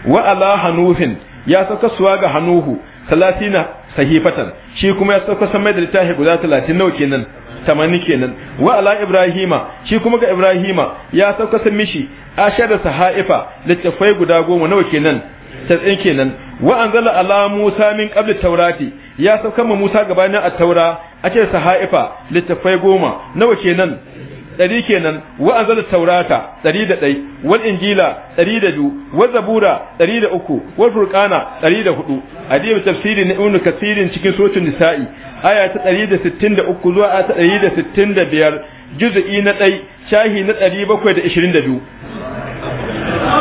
wa ala hanufin ya sauka suwa ga hanuhu talatina sahifatan shi kuma ya sauka samai da littahi guda talatin nawa kenan Tamanni kenan wa ala ibrahima shi kuma ga ibrahima ya sauka mishi ashada sahaifa littafai guda goma nawa kenan tatsin kenan wa anzala ala musa min qabli taurati ya sauka ma musa gabanin at-taura ake sahaifa littafai goma nawa kenan ɗari kenan wa anzal taurata ɗari da ɗai wal injila ɗari da biyu wa zabura ɗari da uku wa furqana ɗari da hudu hadiyar tafsirin na ibnu kasirin cikin sotun nisa'i aya ta ɗari da sittin da uku zuwa aya ta ɗari da sittin da biyar juz'i na ɗai shahi na ɗari bakwai da ishirin da biyu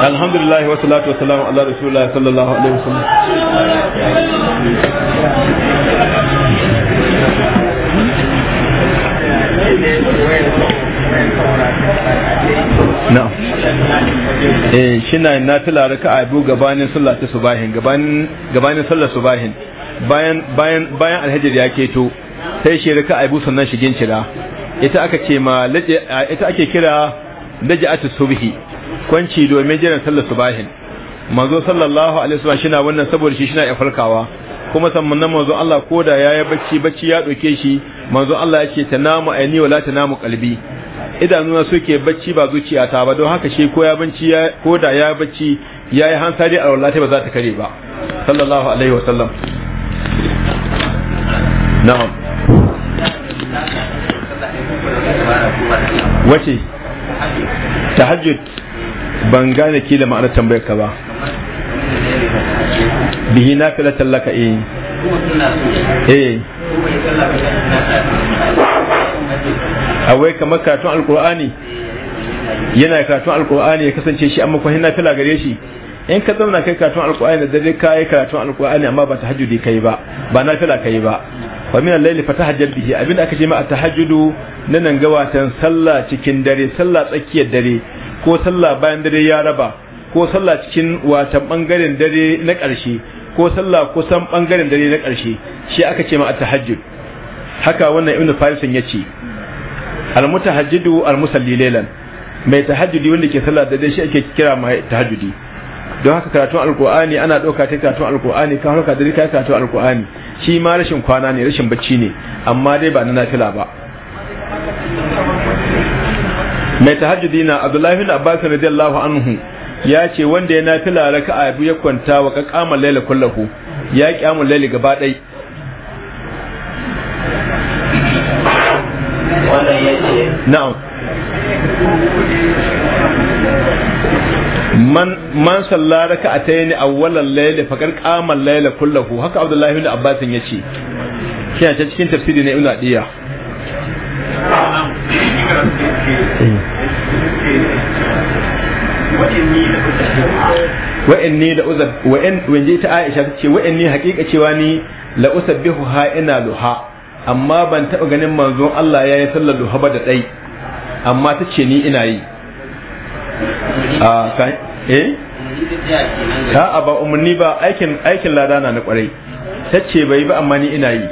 Alhamdulillahi wa salatu wa salamu ala rasulullah sallallahu alaihi wasallam Thank you. na eh shina nafila raka'a biyu gabanin sallah ta subahin gabanin gabanin sallar subahin bayan bayan bayan alhajir ya keto sai shi raka'a abu sannan shigin cira ita aka ce ma ita ake kira laja'atu subhi kwanci domin jiran sallar subahin manzo sallallahu alaihi wasallam shina wannan saboda shi shina ya farkawa kuma sannan manzo Allah koda yayi bacci bacci ya doke shi manzo Allah ya ce tanamu aini wala tanamu qalbi idanuna suke bacci ba zuciya ta ba don haka shi ko ya bacci koda ya bacci yayi hansari a wallahi ba za ta kare ba sallallahu alaihi wasallam na'am wace tahajjud ban gane ki da ma'anar tambayar ka ba bihi nafilatan laka eh eh awai kamar karatun alkur'ani yana karatun alkur'ani ya kasance shi amma kwahin nafila gare shi in ka zauna kai karatun alkur'ani da dare ka yi karatun alkur'ani amma ba tahajjudi kai ba ba nafila kai ba wa min al-layli tahajjud bihi abinda aka ce ma tahajjudu na nan gawatan sallah cikin dare sallah tsakiyar dare ko sallah bayan dare ya raba ko sallah cikin watan bangaren dare na ƙarshe ko sallah ko san bangaren dare na ƙarshe shi aka ce ma at-tahajjud haka wannan ibnu farisan ya ce al-mutahajjidu al-musalli laylan mai tahajjudi wanda ke sallah da dai shi ake kira mai tahajjudi don haka karatun alkur'ani ana ɗauka ta karatun alkur'ani ka haka da ka karatun alkur'ani shi ma rashin kwana ne rashin bacci ne amma dai ba na nafila ba mai tahajjudi na abdullahi bin abbas radiyallahu anhu ya ce wanda ya nafi laraka a abu ya kwanta wa kakamar laila kullahu ya kyamun laila gaba ɗai ya ce na'am man man a raka'atayn awwalan layl fa kan qama al-layl kullahu haka abdullahi abbasin ya ce shi a cikin tafsiri na una adiya wa'anni da uzab wa'an ta Aisha ce wa'anni haƙiƙa cewa ni la usabbihu ha ina luha amma ban taɓa ganin manzon Allah ya yi sallar luha ba da ɗai amma ta ce ni ina yi eh ta ba umarni ba aikin aikin lada na na kwarai ta ce bai ba amma ni ina yi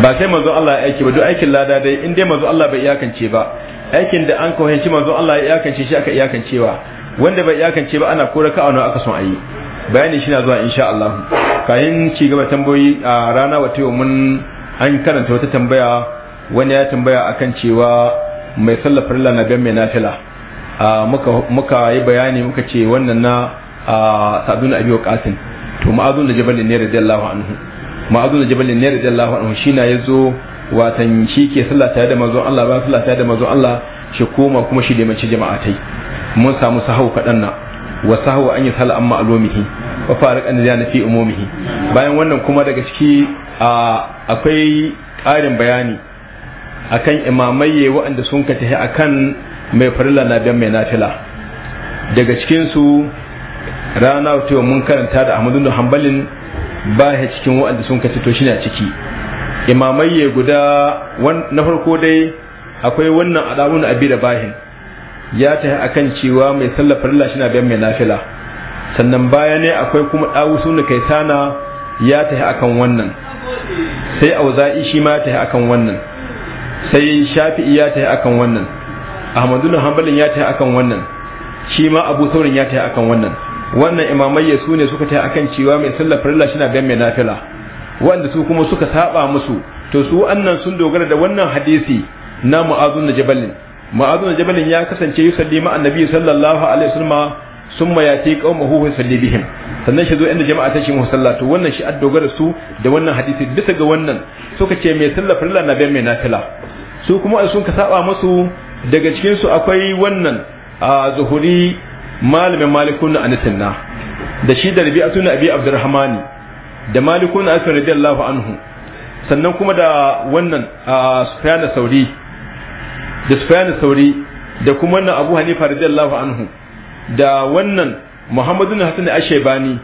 ba sai manzo Allah ya aiki ba duk aikin lada dai in dai Allah bai iyakance ba aikin da an kawanci manzo Allah ya iyakance shi aka iyakancewa wanda bai iyakance ba ana kora ka'a nawa aka son ayi bayani shi na zuwa insha Allah kayan ci gaba tambayoyi a rana wato mun an karanta wata tambaya wani ya tambaya akan cewa mai sallar Allah na biyan mai nafila muka yi bayani muka ce wannan na Saduna abi Qasim to ma'azun da jabalin ne radiyallahu anhu ma'azun da jabalin ne radiyallahu anhu shi na yazo watan shi ke sallah tare da mazo Allah ba sallah da mazo Allah shi koma kuma shi da mace jama'a tai mun samu sahau kadan na wa sahau an yi sala amma alomihi wa faruq an ziyana fi umumihi bayan wannan kuma daga ciki akwai ƙarin bayani akan imamai waɗanda sun ka tafi akan mai farilla na biyan mai nafila daga cikin su rana wata mun karanta da Ahmadu Hanbalin ba ya cikin waɗanda sun ka to shi ne a ciki imamai guda na farko dai akwai wannan alamun abi da bahin ya ta akan cewa mai sallafa lalla shi na biyan mai nafila sannan baya ne akwai kuma ɗawu suna kai sana ya ta akan wannan sai auza'i shi ma ya ta akan wannan sai shafi'i ya ta akan wannan ahmadu hanbalin ya ta akan wannan shi ma abu saurin ya ta akan wannan wannan imamai su ne suka ta akan cewa mai sallafa lalla shi na biyan mai nafila wanda su kuma suka saba musu to su annan sun dogara da wannan hadisi na mu'azun na jabalin mu'azun na jabalin ya kasance yusalli ma annabi sallallahu alaihi wasallam summa yati qaumahu yusalli bihim sannan shi zo inda jama'a ta shi musallatu wannan shi addogara su da wannan hadisi bisa ga wannan suka ce mai sallah farilla na bayan mai nafila su kuma sun ka saba musu daga cikin su akwai wannan a zuhuri malamin malikun na anasinna da shi da rabi'atu na abi abdurrahmani da malikun asir radiyallahu anhu sannan kuma da wannan sufyan sauri da sufyan sauri da kuma wannan abu hanifa radiyallahu anhu da wannan muhammadun hasan ashebani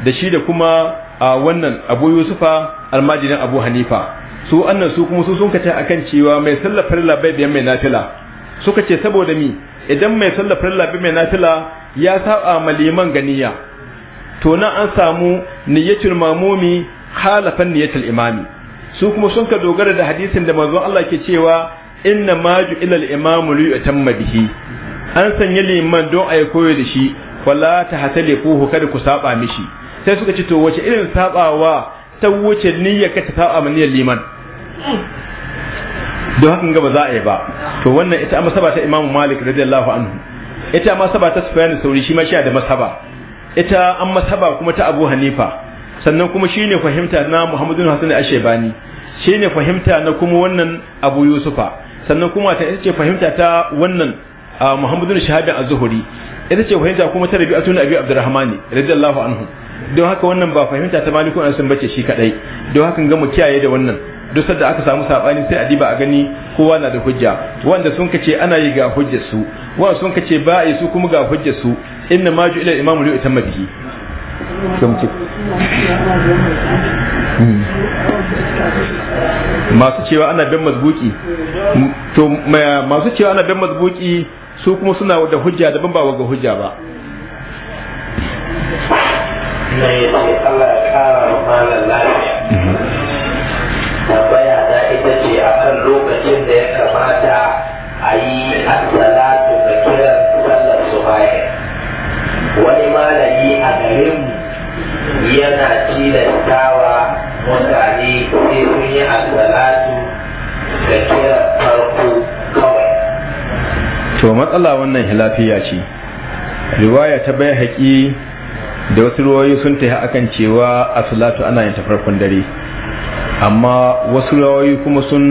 da shi da kuma wannan abu yusufa almajirin abu hanifa su annan su kuma su sun kace akan cewa mai sallar farilla bai biyan mai nafila suka ce saboda mi idan mai sallar farilla bai mai nafila ya saba ma liman ganiya to nan an samu niyyatul mamumi khalafan niyyatul imami su kuma sun ka dogara da hadisin da manzon Allah ke cewa inna maju ila al-imam li yatamma bihi an sanya liman don ayi koyo da shi wala ta hasalifuhu kada ku saba mishi sai suka ce to wace irin sabawa ta wuce niyya ka ta saba ma liman don hakan ga ba za a yi ba to wannan ita amma saba ta Malik radiyallahu anhu ita amma saba ta Sufyan sauri shi ma shi da masaba ita an masaba kuma ta abu hanifa sannan kuma shine fahimta na muhammadu hasan ashebani shine fahimta na kuma wannan abu yusufa sannan kuma ta ita ce fahimta ta wannan muhammadu shahabi az ita ce fahimta kuma ta rabi'atu na abi abdurrahmani radiyallahu anhu don haka wannan ba fahimta ta malikun an san bace shi kadai don haka ga mu kiyaye da wannan duk sadda aka samu sabani sai a diba a gani kowa na da hujja wanda sun kace ana yi ga hujjar su wa sun kace ba su kuma ga hujja su inna ma ila imamu li utamma bihi hmm. masu cewa ana bin mazbuki to masu cewa ana bin mazbuki su kuma suna da hujja daban ba ga hujja ba hmm. tambaya na ita ce kan lokacin da ya kamata a yi wani malami a garin yana tilastawa mutane sai sun yi asalatu da kiran farko kawai to matsala wannan hilafiya ce riwaya ta bai haƙi da wasu ruwayoyi sun tafi akan cewa asalatu ana yin ta farkon dare amma wasu ruwayoyi kuma sun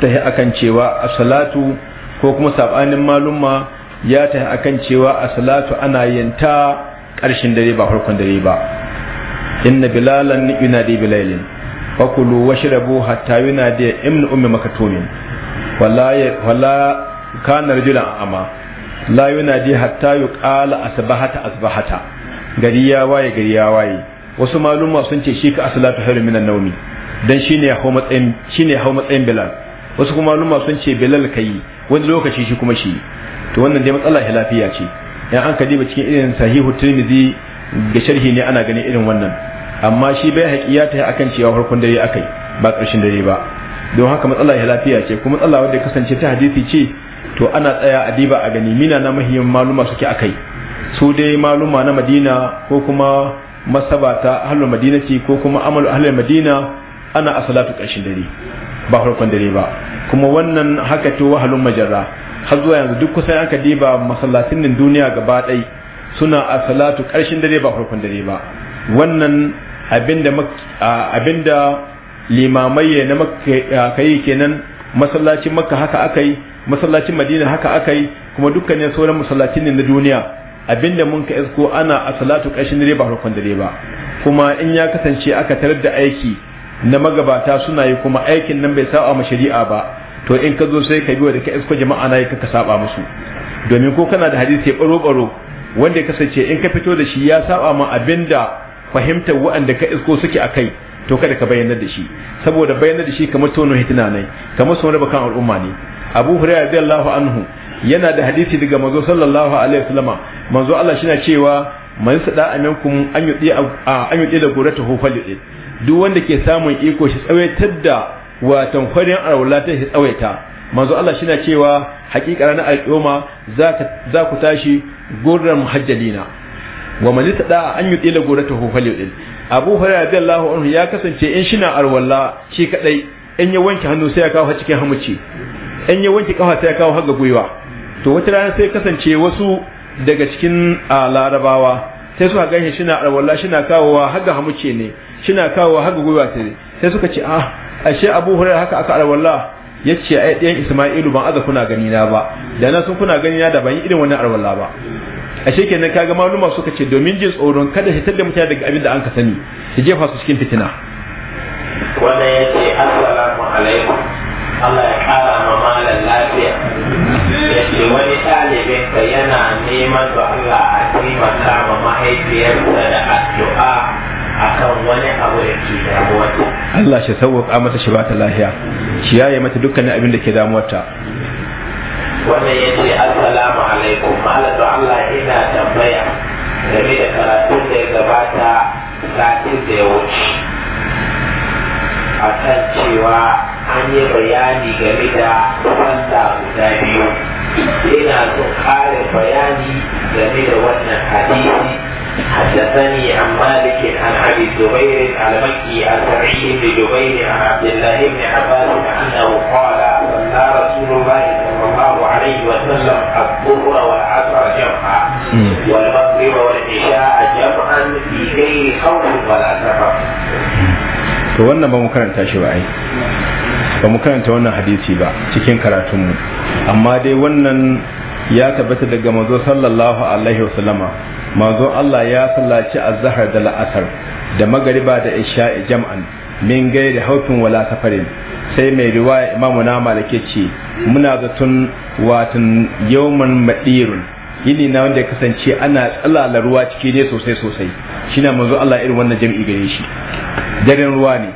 tafi akan cewa a salatu ko kuma sabanin malumma ya ta akan cewa a salatu ana yin ta ƙarshen dare ba farkon dare ba inna bilalan yunadi bilailin fakulu washrabu hatta da ibn ummi makatumin wala wala kana rajulan ama la da hatta yuqala asbahata asbahata gari ya waye gari ya waye wasu maluma sun ce shi ka asalatu hayr minan nawmi dan shine ya hau matsayin shine ya hau matsayin bilal wasu kuma maluma sun ce bilal kai wani lokaci shi kuma shi to wannan dai matsala lafiya ce ya an diba cikin irin sahihu tirmidhi ga sharhi ne ana ganin irin wannan amma shi bai haƙiya ta akan cewa farkon dare akai ba ƙarshen dare ba don haka matsala lafiya ce kuma matsala wanda kasance ta hadisi ce to ana tsaya a diba a gani mina na mahiyan maluma suke akai su dai maluma na madina ko kuma masabata ta ahlul madinati ko kuma amalu ahlul madina ana asalatu ƙarshen dare ba farkon dare ba kuma wannan haka to wahalun majarra har zuwa yanzu duk kusan aka diba masallacin nan duniya gaba ɗai suna a salatu ƙarshen dare ba farkon dare ba wannan abinda limamai na maka yi kenan masallacin makka haka akai masallacin madina haka aka kuma kuma dukkanin sauran masallacin na duniya abinda mun ka isko ana a salatu ƙarshen dare ba farkon dare ba kuma in ya kasance aka tarar da aiki na magabata suna yi kuma aikin nan bai sa'a ma shari'a ba to in ka zo sai ka bi da ka isko jama'a na ka saba musu domin ko kana da hadisi ya baro baro wanda ya kasance in ka fito da shi ya saba ma abinda fahimtar waɗanda ka isko suke a kai to kada ka bayyana da shi saboda bayyana da shi kamar tono hitina ne kamar sun raba kan al'umma ne abu hurairah radiyallahu anhu yana da hadisi daga manzo sallallahu alaihi wasallam manzo Allah shi na cewa man sada aminkum an yudi an yudi da gurata hu duk wanda ke samun iko shi tsawaitar da watan farin alwala ta tsawaita manzo Allah shi na cewa hakika ranar alƙoma za ku tashi gurran muhajjalina wa man tada an yudila gurratahu falyudil Abu Hurairah radiyallahu anhu ya kasance in shi na alwala shi kadai in ya wanke hannu sai ya kawo ha cikin hamuci in ya wanke kafa sai ya kawo ga gwiwa to wata rana sai kasance wasu daga cikin larabawa sai suka ganin shina alwala shina kawowa ga hamuci ne shina kawowa ga gwiwa sai sai suka ce ah ashe abu hurairah haka aka ya ce ai ɗayan isma'ilu ban aza kuna gani na ba da na sun kuna gani na da ban yi irin wannan arwalla ba ashe kenan kaga maluma suka ce domin jin tsoron kada shi da mutane daga abin da an ka sani su jefa su cikin fitina wannan ce assalamu alaikum Allah ya kara ma malam lafiya ce wani ɗalibin ka yana neman zuwa Allah a taimaka ma mahaifiyarsa da addu'a akan wani abu da ke damuwarta Allah shi sauƙa mata shi bata lafiya shi yaye mata dukkanin abin da ke damuwarta wannan ya ce assalamu alaikum malam da Allah ina tambaya game da karatun da ya gabata satin da ya wuce a kan cewa an yi bayani game da sallah guda biyu ina so ƙarin bayani game da wannan hadisi حدثني عن مالك عن ابي زبير المكي عن سعيد بن جبير عن عبد الله بن عباس انه قال صلى رسول الله صلى الله عليه وسلم الظهر والعصر جمعا والمغرب والعشاء جمعا في غير خوف ولا سفر. to wannan ba mu karanta shi ba ai ba mu karanta wannan hadisi ba cikin karatunmu amma dai wannan ya tabbata daga manzo sallallahu alaihi wasallama manzon Allah ya sallaci azhar da la'asar da magariba da isha jam'an min gairi haufin wala safarin sai mai riwaya imamu na malike ce muna zaton watan yawman madirun yini na wanda ya kasance ana tsalala ruwa ciki ne sosai sosai shine manzo Allah irin wannan jami'i gare shi daren ruwa ne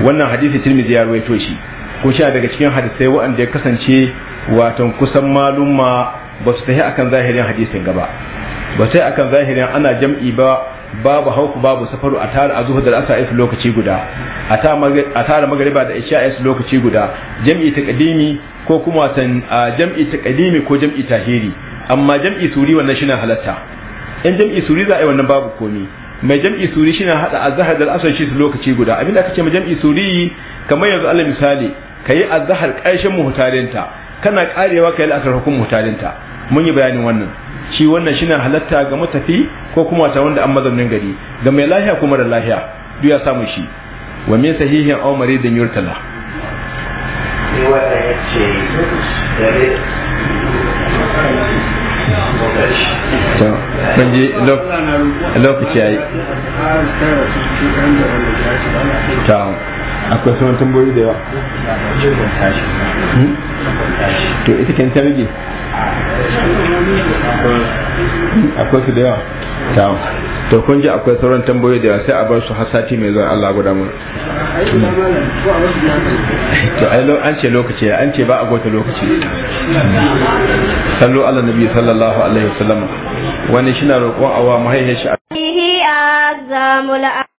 wannan hadisi tirmidhi ya ruwaito shi ko sha daga cikin hadisai waɗanda ya kasance watan kusan malumma ba su tafi akan zahirin hadisin gaba ba sai akan zahirin ana jam'i ba babu hauku babu safaru a tara a zuhur da asa a lokaci guda a tara magariba da isha a lokaci guda jam'i ta kadimi ko kuma san jam'i ta kadimi ko jam'i tahiri amma jam'i suri wannan shi na halatta in jam'i suri za a yi wannan babu komi mai jam'i suri shi na hada azhar da asar shi lokaci guda abin da aka ce mai jam'i suri kamar yanzu alal misali kai azhar karshen muhtarinta kana karewa kai al'asar hukum muhtarinta mun yi bayanin wannan shi wannan shi na halatta ga matafi ko kuma ta wanda an mazaunin gari ga mai lahiya kuma da lahiya duya ya samu shi wa me sahihin aw maridin yurtala ni wata ce to lokaci ta akwai sauran tambayoyi da yawa hmm? to ita ke ta rage akwai su da yawa ta to kun ji akwai sauran tambayoyi da yawa sai a bar su har mai zuwa Allah guda mu to ai lo an ce lokaci an ce ba a gota lokaci sallu ala nabi sallallahu alaihi wasallam wani shi na roƙon awa mahaihiyar shi azamul